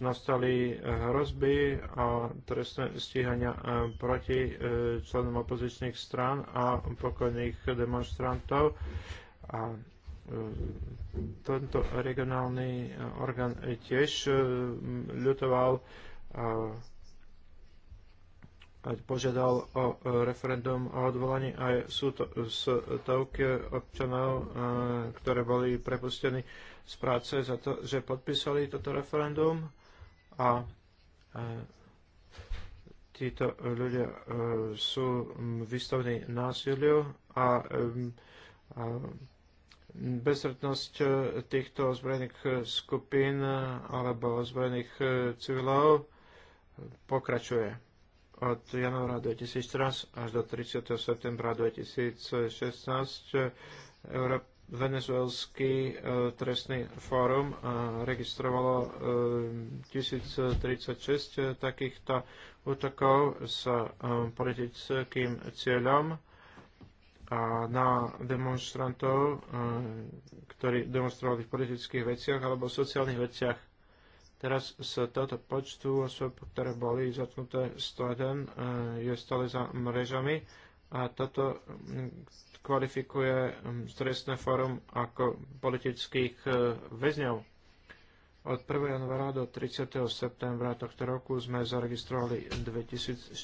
nastali eh, hrozby a trestné stíhania eh, proti eh, členom opozičných strán a pokojných demonstrantov. A tento regionálny orgán tiež ľutoval požiadal o e, referendum o odvolaní aj sú to stovky občanov, e, ktoré boli prepustení z práce za to, že podpísali toto referendum a e, títo ľudia sú vystavení násiliu a bezrednosť týchto ozbrojených skupín alebo ozbrojených civilov pokračuje od januára 2014 až do 30. septembra 2016 Európa venezuelský e, trestný fórum e, registrovalo 1036 e, takýchto útokov s politickým cieľom na demonstrantov, ktorí demonstrovali v politických veciach alebo v sociálnych veciach. Teraz z tohto počtu osob, ktoré boli zatknuté 101, e, je stále za mrežami a toto kvalifikuje stresné fórum ako politických e, väzňov od 1. januára do 30. septembra tohto roku sme zaregistrovali 2436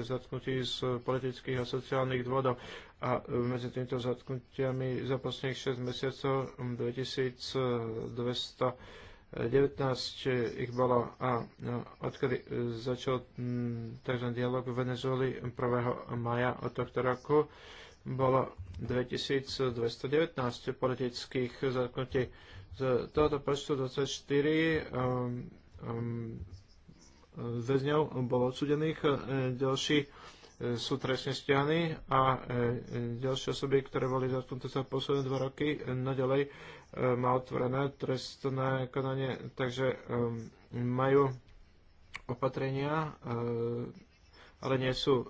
zatknutí z politických a sociálnych dôvodov a medzi týmito zatknutiami za posledných 6 mesiacov 2219 ich bolo a odkedy začal mm, tzv. dialog v Venezueli 1. maja od tohto roku, bolo 2219 politických zatknutí z tohoto počtu 24 um, um, väzňov bolo odsudených, e, ďalší e, sú trestne stiahní a e, ďalšie osoby, ktoré boli zatknuté za posledné dva roky, naďalej má otvorené trestné konanie, takže majú opatrenia, ale nie sú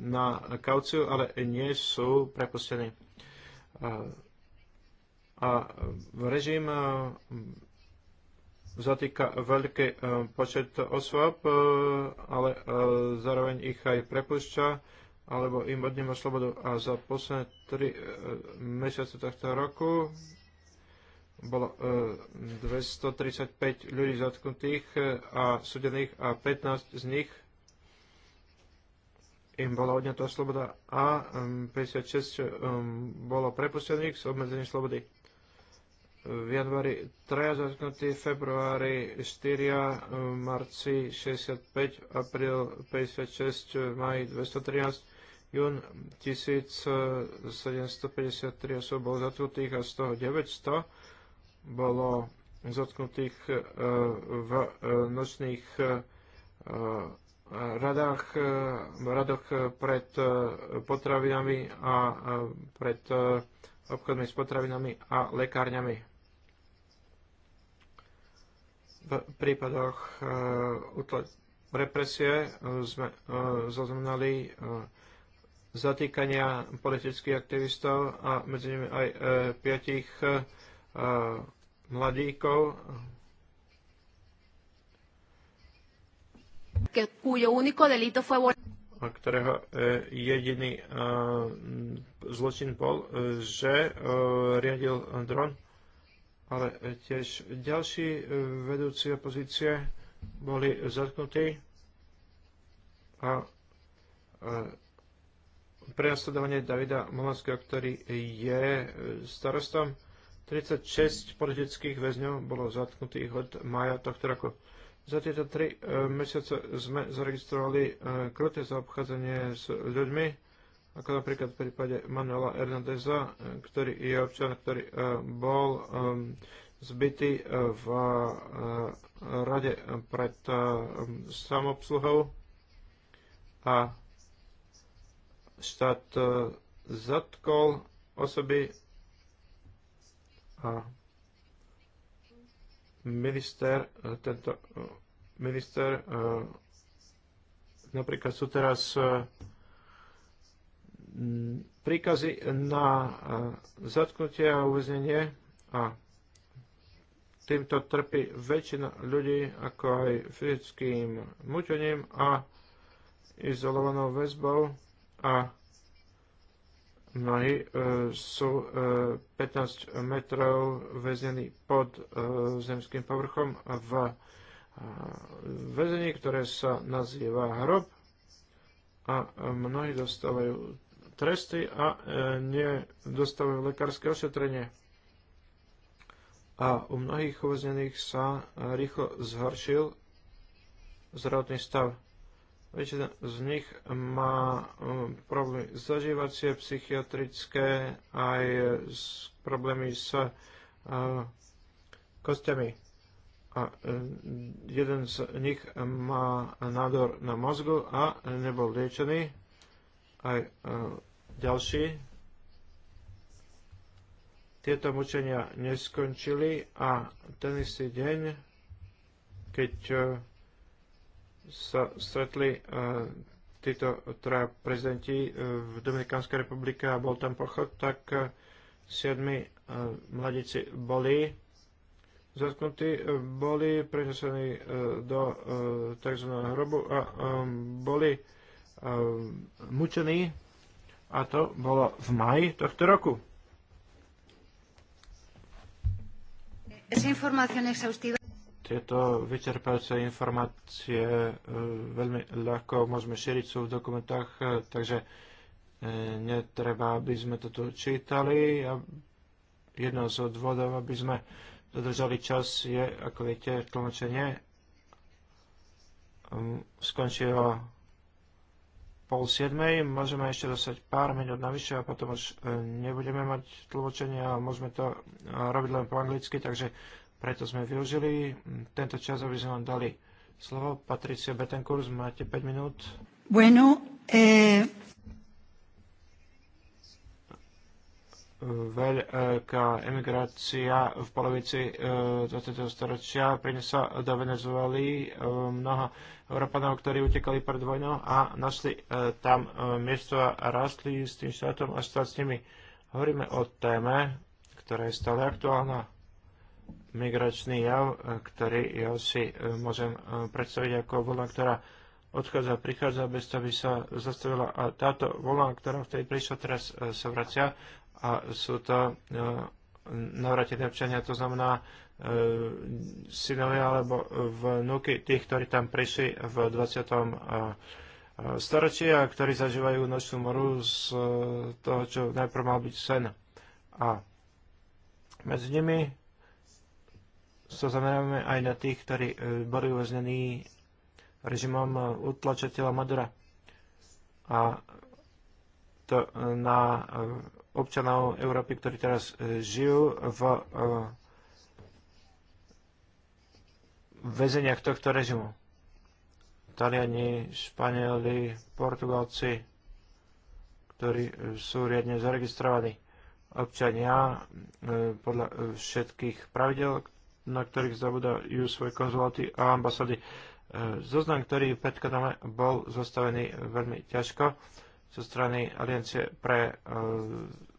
na kauciu, ale nie sú prepustení. A režim e, zatýka veľký e, počet osôb, e, ale zároveň ich aj prepušťa alebo im odníma slobodu. A za posledné tri mesiace tohto roku bolo 235 ľudí zatknutých a súdených a 15 z nich im bola odňatá sloboda a 56 bolo prepustených s obmedzením slobody v januári 3 zatknutí, v februári 4, v marci 65, apríl 56, maj 213, jún 1753 osob bolo zatknutých a z toho 900 bolo zatknutých e, v e, nočných e, radách, radoch pred potravinami a pred obchodmi s potravinami a lekárňami. V prípadoch e, represie e, sme e, zaznamenali zatýkania politických aktivistov a medzi nimi aj piatich mladíkov. A ktorého jediný zločin bol, že riadil dron ale tiež ďalší e, vedúci opozície boli zatknutí a e, prenasledovanie Davida Molanského, ktorý je e, starostom. 36 politických väzňov bolo zatknutých od maja tohto roku. Za tieto tri mesiace sme zaregistrovali kruté zaobchádzanie s ľuďmi, ako napríklad v prípade Manuela Hernandeza, eh, ktorý je občan, ktorý eh, bol eh, zbytý v rade pred samobsluhou a štát zatkol osoby a minister, tento minister napríklad sú teraz Mm, príkazy na e, zatknutie a uväznenie a týmto trpí väčšina ľudí ako aj fyzickým mučením a izolovanou väzbou a mnohí e, sú e, 15 metrov väznení pod e, zemským povrchom v e, väzení, ktoré sa nazýva hrob a mnohí dostávajú tresty a e, nedostávajú lekárske ošetrenie. A u mnohých uväznených sa e, rýchlo zhoršil zdravotný stav. Väčšina z nich má e, problémy zažívacie, psychiatrické, aj problémy s kostiami. A jeden z nich má nádor na mozgu a nebol liečený. Aj ďalší. Tieto mučenia neskončili a ten istý deň, keď e, sa stretli e, títo traja prezidenti e, v Dominikánskej republike a bol tam pochod, tak siedmi mladíci boli zatknutí, boli prenesení do tzv. hrobu a boli mučení a to bolo v maji tohto roku. Tieto vyčerpajúce informácie e, veľmi ľahko môžeme šíriť, sú v dokumentách, e, takže e, netreba, aby sme to tu čítali. Jedno z odvodov, aby sme dodržali čas, je, ako viete, tlmočenie ehm, skončilo pol siedmej. Môžeme ešte dostať pár minút navyše a potom už e, nebudeme mať tlmočenie a môžeme to e, robiť len po anglicky, takže preto sme využili tento čas, aby sme vám dali slovo. Patricia Betancourt, máte 5 minút. Bueno, eh... veľká emigrácia v polovici 20. E, storočia priniesla do Venezuely mnoho Európanov, ktorí utekali pred vojnou a našli e, tam e, miesto a rastli s tým štátom a štát s nimi. Hovoríme o téme, ktorá je stále aktuálna. Migračný jav, e, ktorý ja si môžem predstaviť ako vlna, ktorá odchádza, prichádza, bez toho by sa zastavila. A táto vlna, ktorá v tej prišla, teraz sa vracia a sú to navratené občania, to znamená E, synovia alebo vnúky tých, ktorí tam prišli v 20. E, e, storočí a ktorí zažívajú nočnú moru z toho, čo najprv mal byť sen. A medzi nimi sa zameráme aj na tých, ktorí boli uväznení režimom utlačateľa Madura. A to na občanov Európy, ktorí teraz žijú v väzeniach tohto režimu. Taliani, Španieli, Portugalci, ktorí e, sú riadne zaregistrovaní občania e, podľa e, všetkých pravidel, na ktorých zabudajú svoje konzulaty a ambasády. Zoznam, ktorý predkladáme, bol zostavený veľmi ťažko zo strany Aliancie pre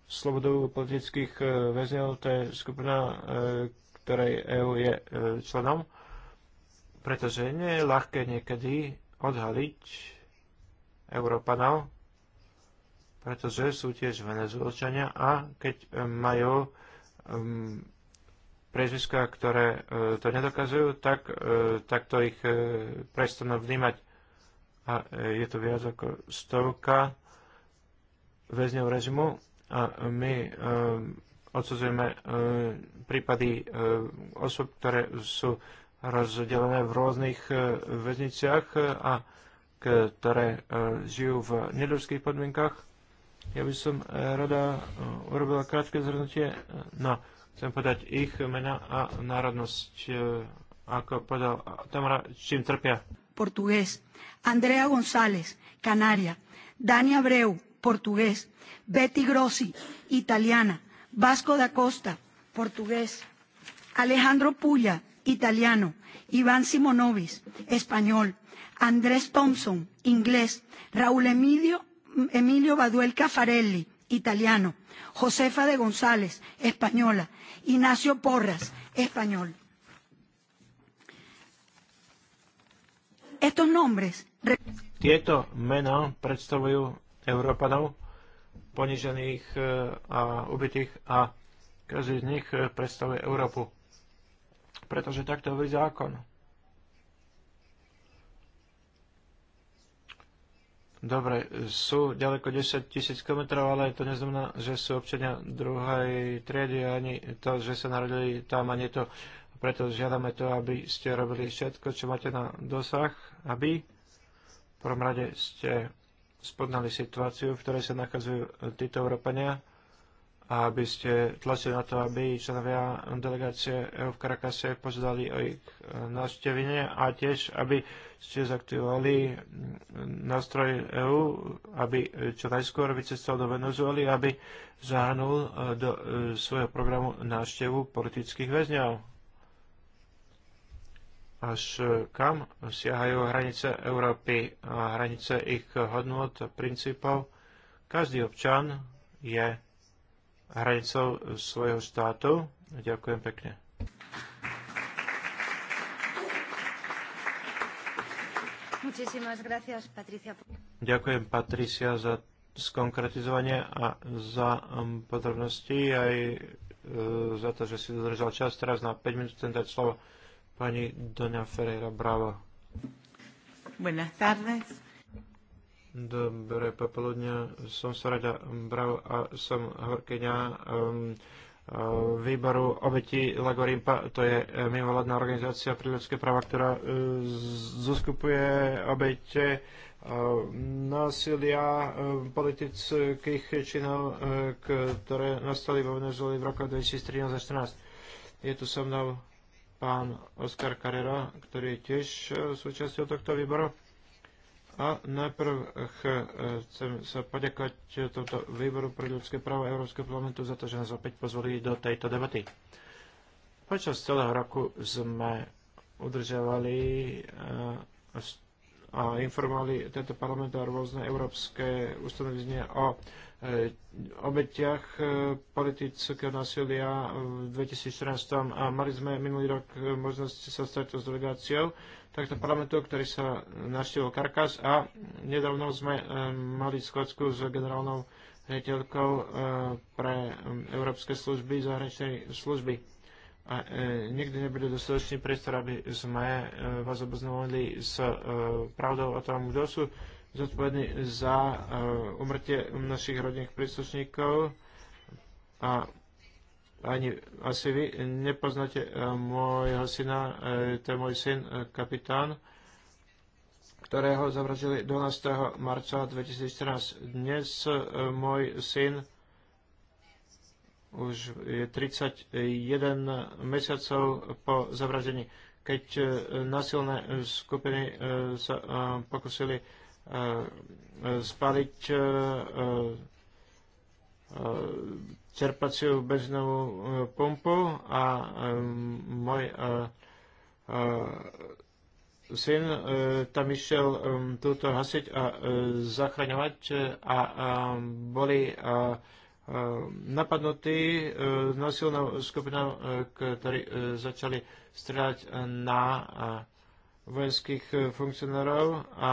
slobodu politických väzňov. To je skupina, ktorej EU je členom pretože nie je ľahké niekedy odhaliť Európanov, pretože sú tiež venezuelčania a keď e, majú um, priezviská, ktoré uh, to nedokazujú, tak, uh, tak to ich uh, prestanú vnímať. A uh, je to viac ako stovka väzňov režimu a my um, odsudzujeme uh, prípady uh, osob, ktoré sú uh, rozdelené v rôznych e, väzniciach e, a ktoré e, žijú v nedorských podmienkach. Ja by som rada urobila krátke zhrnutie na, no, chcem povedať, ich mena a národnosť, ako povedal Tamara, čím trpia. Portugués. Andrea González, Canaria. Dani Abreu, portugués. Betty Grossi, italiana. Vasco da Costa, portugués. Alejandro Puglia, italiano, Iván Simonovis, español, Andrés Thompson, inglés, Raúl Emilio, Emilio Baduel Caffarelli, italiano, Josefa de González, española, Ignacio Porras, español. Estos nombres. Tieto mená predstavujú Európanov ponižených eh, a ubitých a každý z nich eh, predstavuje Európu pretože takto hovorí zákon. Dobre, sú ďaleko 10 tisíc kilometrov, ale to neznamená, že sú občania druhej triedy ani to, že sa narodili tam ani to. Preto žiadame to, aby ste robili všetko, čo máte na dosah, aby v prvom rade ste spodnali situáciu, v ktorej sa nachádzajú títo Európania a aby ste tlačili na to, aby členovia delegácie EU v Karakase požiadali o ich e, návštevine a tiež, aby ste zaktivovali mm, nástroj EU, aby čo najskôr vycestoval do Venezuely, aby zahrnul e, do e, svojho programu návštevu politických väzňov. Až kam siahajú hranice Európy a hranice ich hodnot, princípov. Každý občan je hranicou svojho štátu. Ďakujem pekne. Ďakujem Patricia za skonkretizovanie a za um, podrobnosti aj e, za to, že si dodržal čas. Teraz na 5 minút ten dať slovo pani Doňa Ferreira. Bravo. Buenas tardes. Dobré popoludne, som Sorada Brau a som horkeňa um, uh, výboru obeti Lagorimpa, to je eh, mimovládna organizácia pre ľudské práva, ktorá eh, zoskupuje obete eh, násilia politických činov, ktoré nastali vo Venezueli v roku 2013 2014. Je tu so mnou pán Oskar Carrera, ktorý je tiež súčasťou tohto výboru a najprv eh, chcem sa poďakovať eh, tomto výboru pre ľudské práva Európskeho parlamentu za to, že nás opäť pozvolí do tejto debaty. Počas celého roku sme udržiavali eh, a informovali tento parlament a rôzne európske ustanovenia o obetiach politického násilia v 2014. A mali sme minulý rok možnosť sa stretnúť s delegáciou tohto parlamentu, ktorý sa naštívil Karkas a nedávno sme e, mali schodku s generálnou riaditeľkou e, pre európske služby, zahraničnej služby. A e, nikdy nebude dostatočný priestor, aby sme e, vás oboznovali s e, pravdou o tom, kto sú zodpovední za e, umrtie našich rodinných príslušníkov a ani asi vy nepoznáte eh, môjho syna, eh, to je môj syn, eh, kapitán, ktorého zavražili 12. marca 2014. Dnes môj syn už je 31 mesiacov po zavražení. keď násilné skupiny sa pokusili spaliť E, čerpaciu bežnú e, pumpu a e, môj syn tam išiel túto hasiť a zachraňovať a boli napadnutí násilnou skupinou, ktorí začali strieľať na vojenských funkcionárov a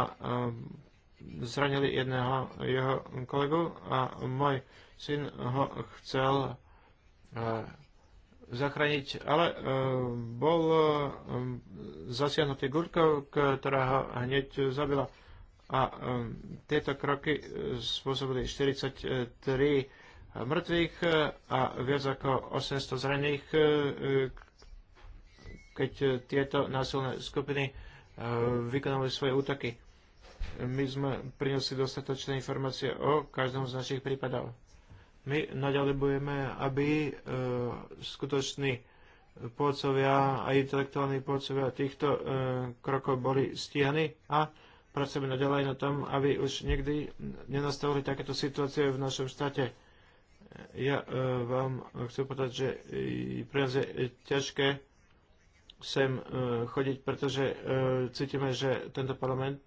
zranili jedného jeho kolegu a môj syn ho chcel e, zachrániť, ale e, bol e, zasiahnutý gurkou, ktorá ho hneď zabila. A tieto kroky spôsobili 43 mŕtvych a viac ako 800 zranených, keď tieto násilné skupiny vykonali svoje útoky. My sme priniesli dostatočné informácie o každom z našich prípadov. My naďalej budeme, aby e, skutoční pôdcovia a intelektuálni pôdcovia týchto e, krokov boli stíhaní a pracujeme naďalej na tom, aby už nikdy nenastavili takéto situácie v našom štáte. Ja e, vám chcem povedať, že pre nás je ťažké sem chodiť, pretože cítime, že tento parlament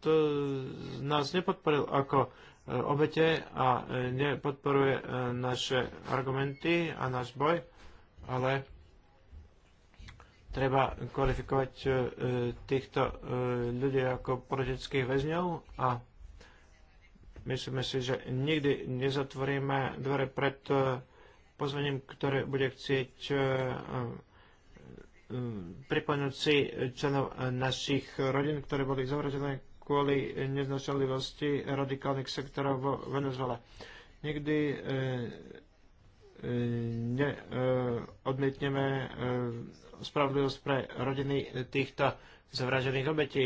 nás nepodporil ako E, obete a e, nepodporuje e, naše argumenty a náš boj, ale treba kvalifikovať týchto ľudí ako politických väzňov a myslíme si, že nikdy nezatvoríme dvere pred pozvaním, ktoré bude chcieť pripomenúť si členov našich rodín, ktoré boli zavražené kvôli neznačanlivosti radikálnych sektorov vo Venezuele. Nikdy e, e, ne, e, odmietneme e, spravodlivosť pre rodiny týchto zavražených obetí.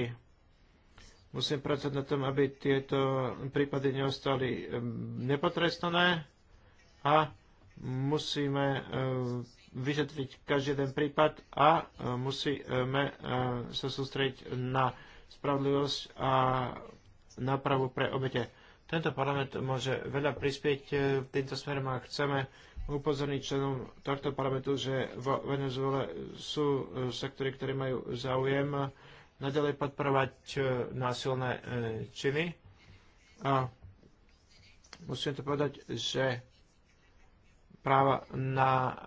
Musím pracovať na tom, aby tieto prípady neostali e, nepotrestané a musíme e, vyšetriť každý jeden prípad a musíme sa sústrediť na spravodlivosť a nápravu pre obete. Tento parlament môže veľa prispieť v e, týmto smerom a chceme upozorniť členom tohto parlamentu, že v Venezuele sú e, sektory, ktoré majú záujem naďalej podporovať e, násilné činy. A musím to povedať, že práva na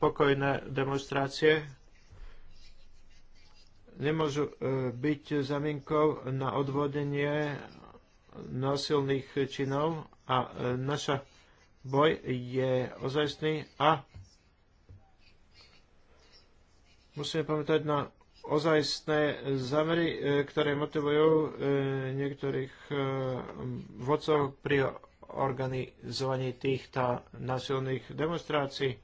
pokojné demonstrácie nemôžu e, byť zamienkou na odvodenie násilných činov a e, naša boj je ozajstný a musíme pamätať na ozajstné zámery, e, ktoré motivujú niektorých vodcov pri organizovaní týchto násilných demonstrácií.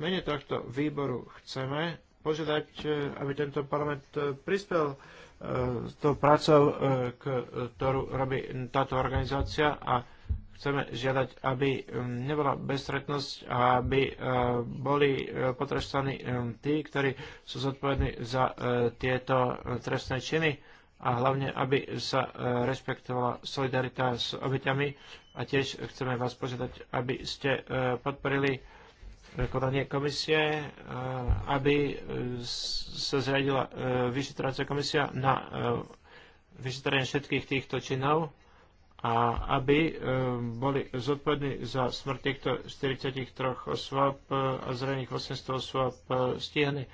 Mene tohto výboru chceme, požiadať, e, aby tento parlament e, prispel e, s tou prácou, ktorú robí táto organizácia a chceme žiadať, aby nebola bezstretnosť a aby boli potrestaní tí, ktorí sú zodpovední za tieto trestné činy a hlavne, aby sa respektovala solidarita s obeťami a tiež chceme vás požiadať, aby ste podporili konanie komisie, e, aby e, sa zradila e, vyšetrovacia komisia na vyšetrenie všetkých týchto činov a aby boli zodpovední za smrť týchto 43 osôb a zranených 800 osôb stíhaní.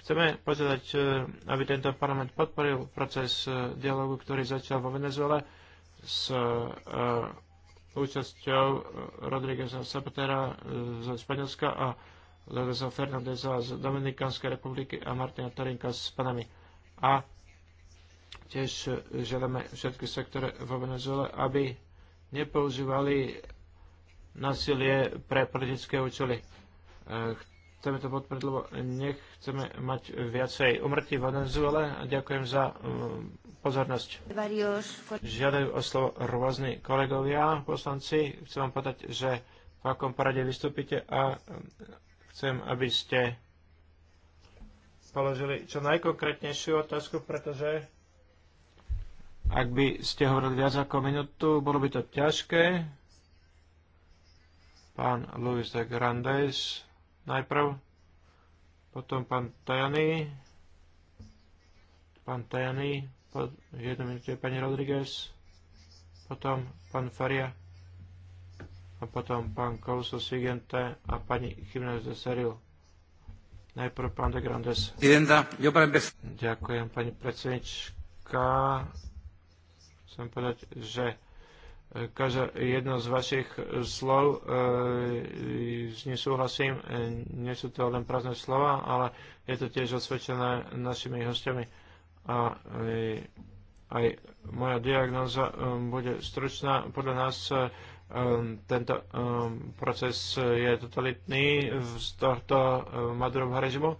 Chceme požiadať, aby tento parlament podporil proces dialogu, ktorý začal vo Venezuele s účasťou eh, Rodrígueza Zapatera eh, z Španielska a Leveza Fernandeza z Dominikánskej republiky a Martina Torinka z Panamy. A tiež eh, želáme všetky sektory vo Venezuele, aby nepoužívali nasilie pre politické účely chceme to podporiť, lebo nechceme mať viacej umrtí v Venezuele. Ďakujem za e, pozornosť. Žiadajú o slovo rôzni kolegovia, poslanci. Chcem vám povedať, že v akom porade vystúpite a e, chcem, aby ste položili čo najkonkrétnejšiu otázku, pretože ak by ste hovorili viac ako minútu, bolo by to ťažké. Pán Luis de Grandes najprv, potom pán Tajany, pán Tajany, po jednu minúte pani Rodriguez, potom pán Faria a potom pán Kouso Sigente a pani Chimnes de Seril. Najprv pán de Grandes. Ďakujem, pani predsednička. Chcem povedať, že každá jedno z vašich e, slov, e, s ním súhlasím. nie sú to len prázdne slova, ale je to tiež osvedčené našimi hostiami. A e, aj moja diagnóza bude stručná. Podľa nás tento proces je totalitný z tohto e, Madurovho režimu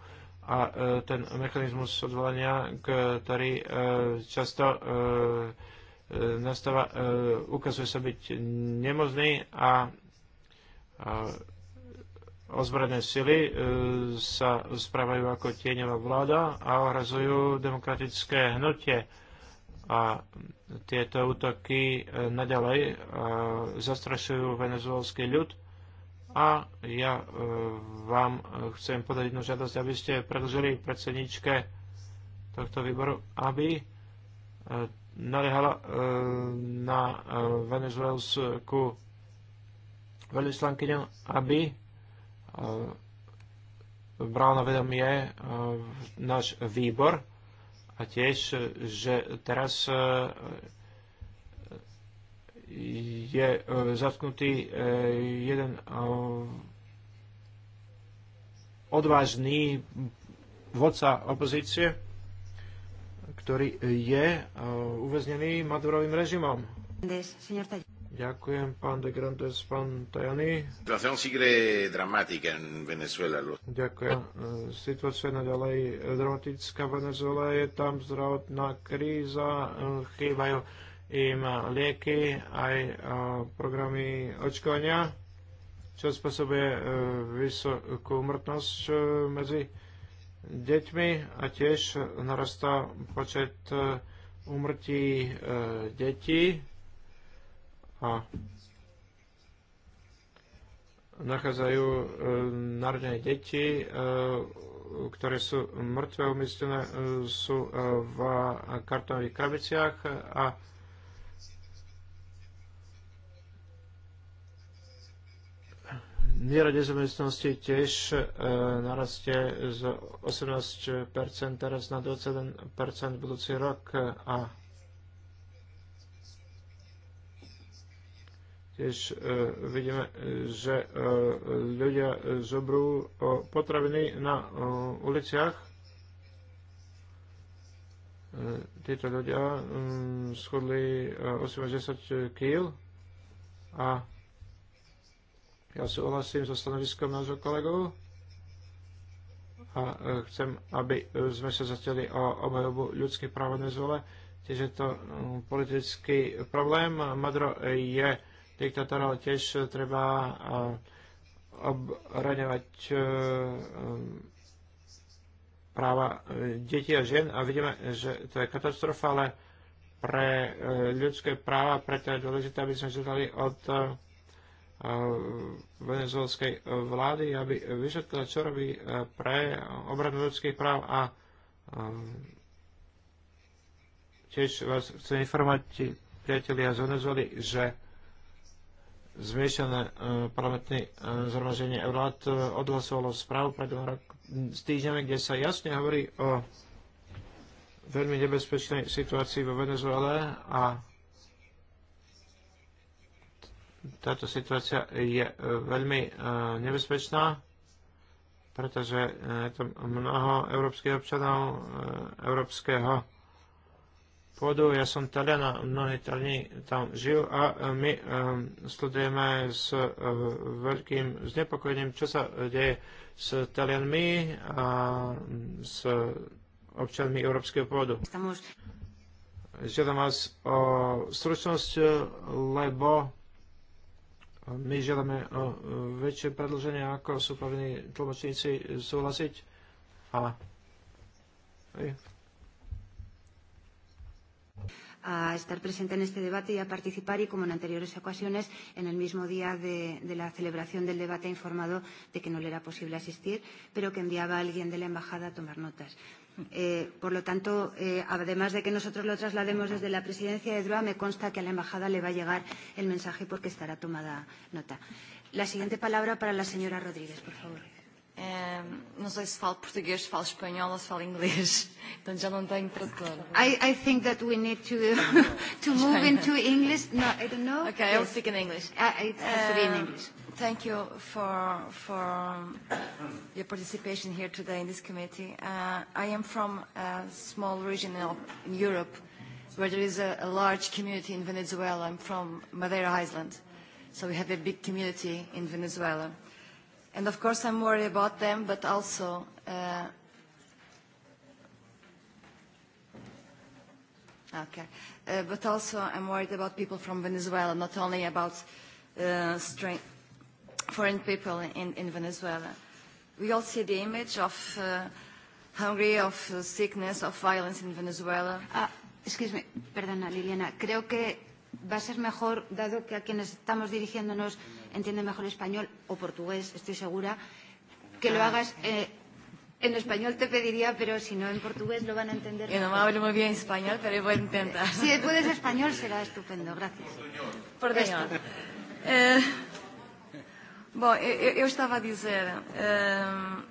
a ten mechanizmus odvolania, ktorý často E, nastáva, e, ukazuje sa byť nemožný a, a ozbrojené sily e, sa správajú ako tieňová vláda a ohrazujú demokratické hnutie. A tieto útoky naďalej zastrašujú venezuelský ľud. A ja vám chcem podať jednu žiadosť, aby ste predložili predsedničke tohto výboru, aby naliehala e, na e, venezuelskú veľvyslankyňu, aby e, bral na vedomie náš výbor a tiež, že teraz je zatknutý jeden odvážny vodca opozície, ktorý je e, uväznený Madurovým režimom. Ďakujem, pán de Grandes, pán Tajani. Ďakujem. Situácia je naďalej dramatická v Venezuele, je tam zdravotná kríza, e, chýbajú im lieky, aj e, programy očkovania, čo spôsobuje vysokú umrtnosť medzi deťmi a tiež narastá počet umrtí e, e, detí a nachádzajú e, narodené deti, ktoré sú mŕtve umiestnené, sú v kartonových krabiciach a Miera nezamestnanosti tiež e, narastie z 18% teraz na 21% budúci rok a tiež e, vidíme, že e, ľudia zobrú e, potraviny na e, uliciach. E, títo ľudia schodli 80 kg a ja súhlasím so stanoviskom nášho kolegu a e, chcem, aby e, sme sa zatiaľi o obhajobu ľudských práv v Venezuele. Tiež je to e, politický problém. Madro je diktátor, ale tiež treba obraňovať práva detí a žien a vidíme, že to je katastrofa, ale pre ľudské práva, preto je dôležité, aby sme žiadali od venezuelskej vlády, aby vyšetrila, čo robí eh, pre obranu ľudských práv a eh, tiež vás chcem informovať, priatelia z Venezuely, že zmiešané eh, parlamentné zhromaždenie vlád odhlasovalo správu pred dvoma s týždňami, kde sa jasne hovorí o veľmi nebezpečnej situácii vo Venezuele a táto situácia je e, veľmi e, nebezpečná, pretože e, je tam mnoho európskych občanov európskeho pôdu. Ja som Talian a mnohí Taliani tam žijú a my sledujeme s veľkým znepokojením, čo sa deje s Talianmi a s občanmi európskeho pôdu. Žiadam vás o stručnosť, lebo my žiadame o e, väčšie predlženie, ako sú povinní tlmočníci súhlasiť. A a estar presente en este debate y a participar y, como en anteriores ocasiones, en el mismo día de, de la celebración del debate ha informado de que no le era posible asistir, pero que enviaba a alguien de la embajada a tomar notas. Eh, por lo tanto, eh, además de que nosotros lo traslademos desde la presidencia de DROA, me consta que a la embajada le va a llegar el mensaje porque estará tomada nota. La siguiente palabra para la señora Rodríguez, por favor. Um, no sé si falo portugués, falo español o falo inglés. [laughs] Entonces ya no tengo traductor. I, I think that we need to, [laughs] to move into English. No, I don't know. Okay, yes. I'll speak in English. Ah, uh, it has to be in English. Thank you for, for um, your participation here today in this committee. Uh, I am from a small region in Europe where there is a, a large community in Venezuela. I'm from Madeira Island, so we have a big community in Venezuela. And of course I'm worried about them, but also uh, Okay. Uh, but also I'm worried about people from Venezuela, not only about uh, strength foreign people in, in Venezuela. We all see the image of uh, hungry, of uh, sickness, of violence in Venezuela. Ah, excuse me, perdona, Liliana. Creo que va a ser mejor, dado que a quienes estamos dirigiéndonos entienden mejor español o portugués, estoy segura, que lo ah. hagas. Eh, en español te pediría, pero si no en portugués lo van a entender. Yo no me hablo muy bien español, pero voy a intentar. Si puedes español será estupendo, gracias. Por Portuñol. Eh, Bom, eu, eu estava a dizer, um,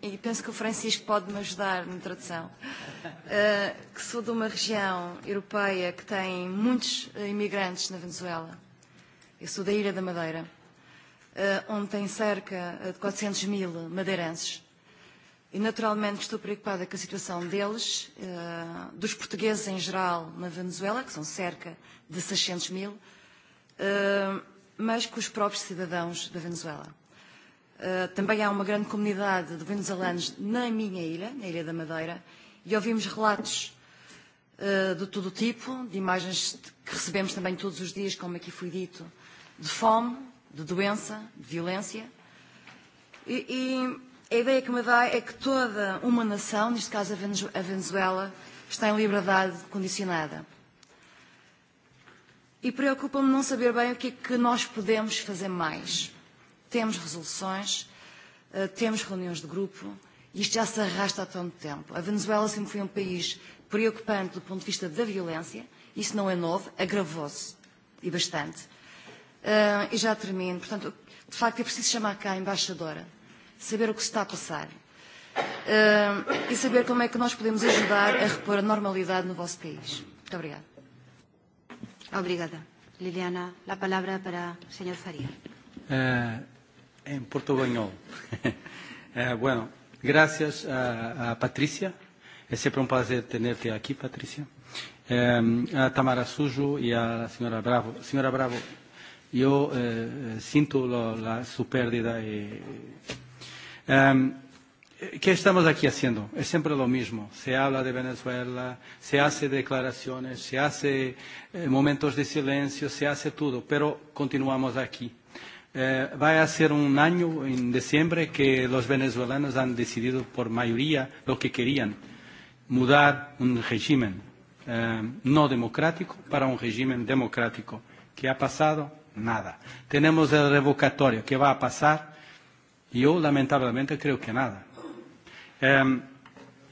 e penso que o Francisco pode me ajudar na tradução, uh, que sou de uma região europeia que tem muitos eh, imigrantes na Venezuela. Eu sou da Ilha da Madeira, uh, onde tem cerca de 400 mil madeirenses. E naturalmente estou preocupada com a situação deles, uh, dos portugueses em geral na Venezuela, que são cerca de 600 mil. Uh, mas com os próprios cidadãos da Venezuela. Uh, também há uma grande comunidade de venezuelanos na minha ilha, na Ilha da Madeira, e ouvimos relatos uh, de todo tipo, de imagens que recebemos também todos os dias, como aqui foi dito, de fome, de doença, de violência. E, e a ideia que me dá é que toda uma nação, neste caso a Venezuela, está em liberdade condicionada. E preocupa-me não saber bem o que é que nós podemos fazer mais. Temos resoluções, eh, temos reuniões de grupo, e isto já se arrasta há tanto tempo. A Venezuela sempre foi um país preocupante do ponto de vista da violência, isso não é novo, agravou-se e bastante. Eh, e já termino. Portanto, de facto, é preciso chamar cá a embaixadora, saber o que se está a passar eh, e saber como é que nós podemos ajudar a repor a normalidade no vosso país. Muito obrigada. Obrigada. Liliana, la palabra para el señor Faría. Eh, en portugués. [laughs] eh, bueno, gracias a, a Patricia. Es siempre un placer tenerte aquí, Patricia. Eh, a Tamara Sujo y a la señora Bravo. Señora Bravo, yo eh, siento lo, la, su pérdida. Y, eh, ¿Qué estamos aquí haciendo? Es siempre lo mismo. Se habla de Venezuela, se hace declaraciones, se hace eh, momentos de silencio, se hace todo, pero continuamos aquí. Eh, va a ser un año en diciembre que los venezolanos han decidido por mayoría lo que querían, mudar un régimen eh, no democrático para un régimen democrático. ¿Qué ha pasado? Nada. Tenemos el revocatorio. ¿Qué va a pasar? Yo lamentablemente creo que nada Um,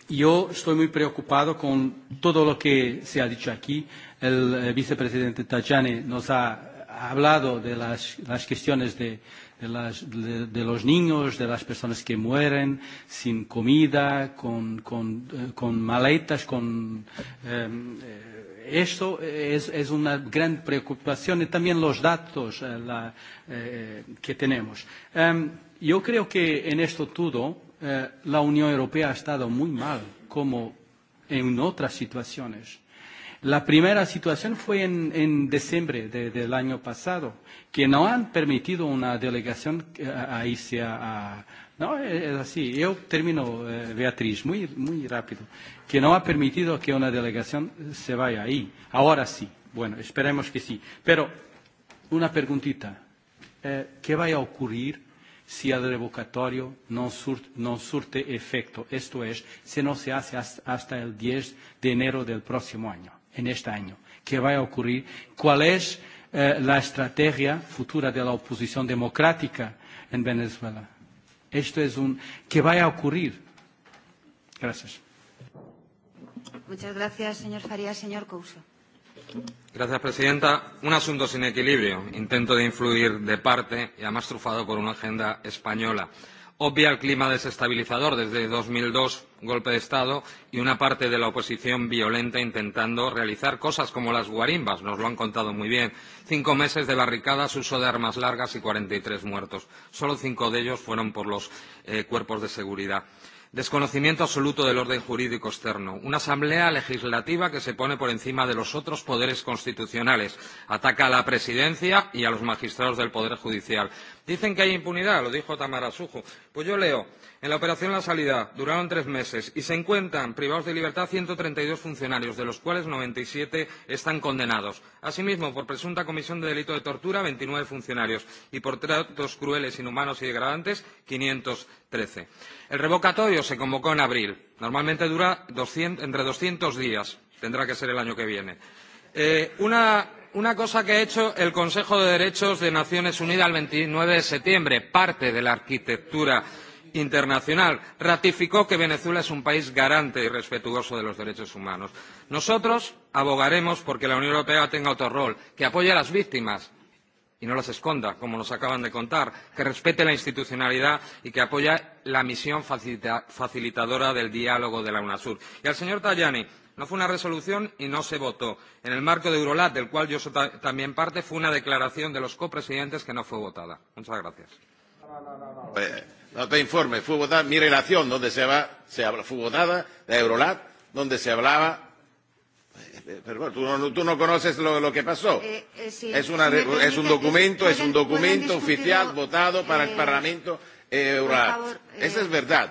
yo estoy muy preocupado con todo lo que se ha dicho aquí. El, eh, vicepresidente Tajani nos ha, ha hablado de las, las cuestiones de, de, las, de, de los niños, de las personas que mueren sin comida, con, con, eh, con maletas, con... Eh, esto es, es una gran preocupación y también los datos eh, la, eh, que tenemos. Um, yo creo que en esto todo Eh, la Unión Europea ha estado muy mal, como en otras situaciones. La primera situación fue en, en diciembre de, del año pasado, que no han permitido una delegación eh, a irse a... a no, es así. Yo termino, eh, Beatriz, muy, muy rápido. Que no ha permitido que una delegación se vaya ahí. Ahora sí. Bueno, esperemos que sí. Pero una preguntita. Eh, ¿Qué va a ocurrir si el revocatorio no sur, no surte efecto, esto es, si no se hace hasta el 10 de enero del próximo año, en este año. ¿Qué va eh, a ocurrir? ¿Cuál es eh, la estrategia futura de la oposición democrática en Venezuela? Esto es un... Um, ¿Qué va a ocurrir? Gracias. Muchas gracias, señor Farías. Señor Couso. Señora presidenta. Un asunto sin equilibrio, intento de influir de parte y además trufado por una agenda española. Obvia el clima desestabilizador desde dos mil dos, golpe de Estado, y una parte de la oposición violenta intentando realizar cosas como las guarimbas, nos lo han contado muy bien. Cinco meses de barricadas, uso de armas largas y cuarenta y tres muertos. Solo cinco de ellos fueron por los eh, cuerpos de seguridad. Desconocimiento absoluto del orden jurídico externo. Una asamblea legislativa que se pone por encima de los otros poderes constitucionales. Ataca a la presidencia y a los magistrados del Poder Judicial. Dicen que hay impunidad, lo dijo Tamara Sujo. Pues yo leo, en la operación La Salida duraron tres meses y se encuentran privados de libertad 132 funcionarios, de los cuales 97 están condenados. Asimismo, por presunta comisión de delito de tortura, 29 funcionarios y por tratos crueles, inhumanos y degradantes, 513. El revocatorio se convocó en abril. Normalmente dura 200, entre 200 días. Tendrá que ser el año que viene. Eh, una una cosa que ha hecho el Consejo de Derechos de Naciones Unidas el 29 de septiembre, parte de la arquitectura internacional, ratificó que Venezuela es un país garante y respetuoso de los derechos humanos. Nosotros abogaremos porque la Unión Europea tenga otro rol, que apoye a las víctimas y no las esconda, como nos acaban de contar, que respete la institucionalidad y que apoye la misión facilita facilitadora del diálogo de la UNASUR. Y al señor Tajani, No fue una resolución y no se votó. En el marco de Eurolat, del cual yo soy ta también parte, fue una declaración de los copresidentes que no fue votada. Muchas gracias. No, no, no, no. Eh, no te informe, fue votada mi relación, donde se, va, se habla, fue votada de Eurolat, donde se hablaba eh, pero bueno, tú no, tú no conoces lo, lo que pasó. Eh, eh, sí, es, una, permite, es un documento, es un documento oficial votado para eh, el Parlamento eh, eh, Esa es verdad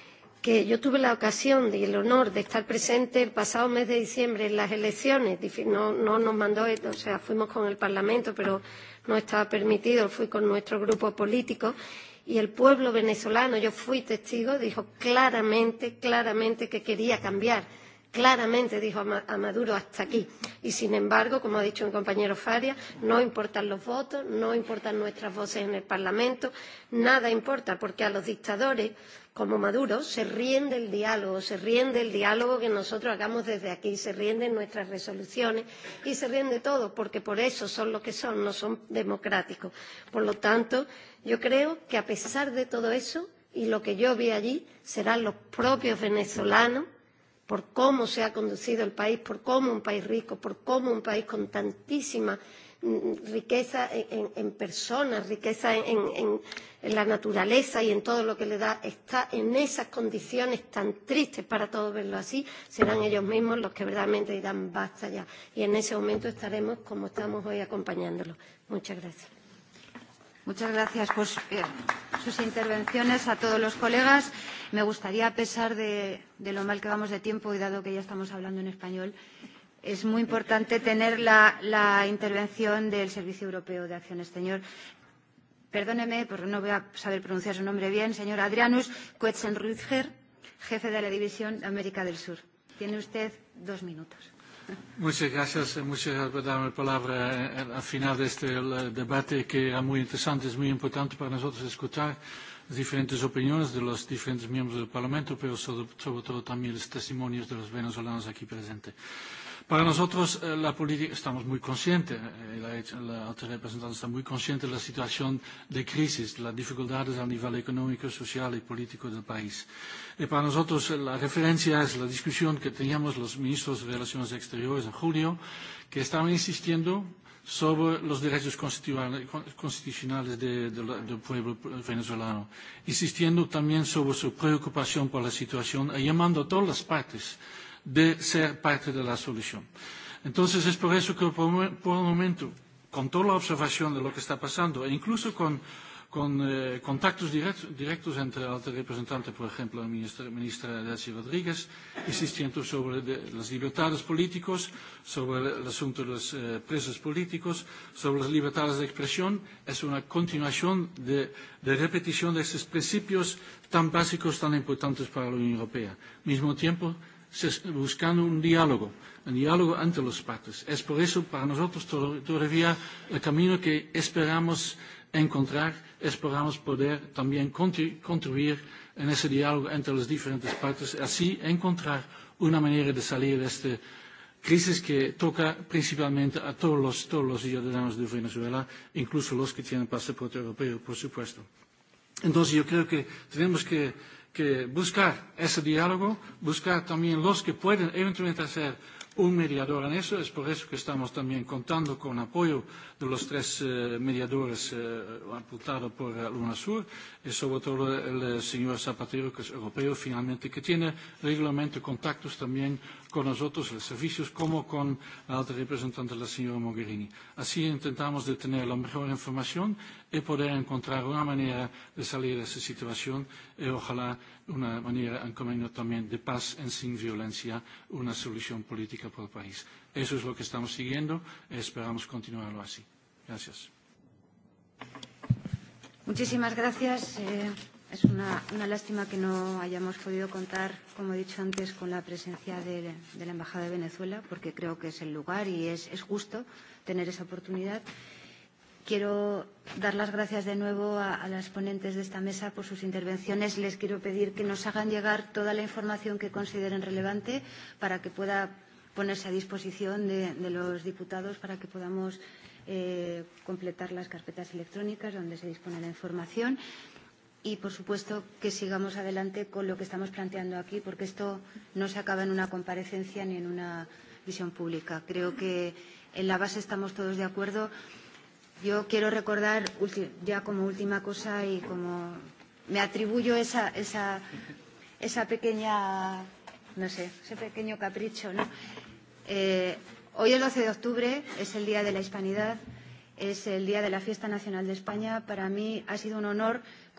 que yo tuve la ocasión y el honor de estar presente el pasado mes de diciembre en las elecciones. No, no nos mandó, o sea, fuimos con el Parlamento, pero no estaba permitido, fui con nuestro grupo político. Y el pueblo venezolano, yo fui testigo, dijo claramente, claramente que quería cambiar. Claramente dijo a Maduro hasta aquí. Y sin embargo, como ha dicho mi compañero Faria, no importan los votos, no importan nuestras voces en el Parlamento, nada importa, porque a los dictadores como Maduro se ríen del diálogo, se ríen del diálogo que nosotros hagamos desde aquí, se ríen de nuestras resoluciones y se ríen de todo, porque por eso son lo que son, no son democráticos. Por lo tanto, yo creo que a pesar de todo eso y lo que yo vi allí, serán los propios venezolanos por cómo se ha conducido el país, por cómo un país rico, por cómo un país con tantísimas riqueza en, en personas, riqueza en, en, en la naturaleza y en todo lo que le da, está en esas condiciones tan tristes para todos verlo así, serán ellos mismos los que verdaderamente dirán basta ya. Y en ese momento estaremos como estamos hoy acompañándolos. Muchas gracias. Muchas gracias por eh, sus intervenciones a todos los colegas. Me gustaría, a pesar de, de lo mal que vamos de tiempo y dado que ya estamos hablando en español, es muy importante tener la, la intervención del Servicio Europeo de Acción Exterior. Perdóneme, porque no voy a saber pronunciar su nombre bien, señor Adrianus Kuetzenrütger, jefe de la División de América del Sur. Tiene usted dos minutos. Muchas gracias, eh, muchas gracias por darme la palabra eh, al final de este eh, debate que era muy interesante, es muy importante para nosotros escuchar las diferentes opiniones de los diferentes miembros del Parlamento, pero sobre todo también los testimonios de los venezolanos aquí presentes. Para nosotros eh, la política, estamos muy conscientes, eh, la, la alta representante está muy consciente de la situación de crisis, de las dificultades a nivel económico, social y político del país. Y eh, para nosotros eh, la referencia es la discusión que teníamos los ministros de Relaciones Exteriores en julio, que estaban insistiendo sobre los derechos constitucionales del de, de, de pueblo venezolano, insistiendo también sobre su preocupación por la situación y llamando a todas las partes de ser parte de la solución. Entonces es por eso que por, por el momento, con toda la observación de lo que está pasando, e incluso con, con eh, contactos directos, directos entre el alto representante, por ejemplo, la ministra, ministra Delcy Rodríguez, insistiendo sobre de, las libertades políticas, sobre el asunto de los eh, presos políticos, sobre las libertades de expresión, es una continuación de, de repetición de estos principios tan básicos, tan importantes para la Unión Europea. Al mismo tiempo, buscando un diálogo, un diálogo entre los partes. Es por eso para nosotros todavía el camino que esperamos encontrar, esperamos poder también contribuir en ese diálogo entre las diferentes partes, así encontrar una manera de salir de esta crisis que toca principalmente a todos los, todos los ciudadanos de Venezuela, incluso los que tienen pasaporte europeo, por supuesto. Entonces yo creo que tenemos que que buscar ese diálogo, buscar también los que pueden eventualmente hacer un mediador en eso. Es por eso que estamos también contando con apoyo de los tres eh, mediadores eh, apuntados por eh, Sur y sobre todo el, el eh, señor Zapatero, que es europeo finalmente, que tiene regularmente contactos también con nosotros, los servicios, como con la alta representante, la señora Mogherini. Así intentamos de tener la mejor información y poder encontrar una manera de salir de esa situación y ojalá una manera, en camino también de paz en sin violencia, una solución política para el país. Eso es lo que estamos siguiendo y esperamos continuarlo así. Gracias. Muchísimas gracias. Eh... Es una, una lástima que no hayamos podido contar, como he dicho antes, con la presencia de, de la Embajada de Venezuela, porque creo que es el lugar y es, es justo tener esa oportunidad. Quiero dar las gracias de nuevo a, a las ponentes de esta mesa por sus intervenciones. Les quiero pedir que nos hagan llegar toda la información que consideren relevante para que pueda ponerse a disposición de, de los diputados para que podamos eh, completar las carpetas electrónicas donde se dispone la información y, por supuesto, que sigamos adelante con lo que estamos planteando aquí, porque esto no se acaba en una comparecencia ni en una visión pública. Creo que en la base estamos todos de acuerdo. Yo quiero recordar, ya como última cosa, y como me atribuyo esa, esa, esa pequeña, no sé, ese pequeño capricho, ¿no? Eh, hoy el 12 de octubre es el Día de la Hispanidad, es el Día de la Fiesta Nacional de España. Para mí ha sido un honor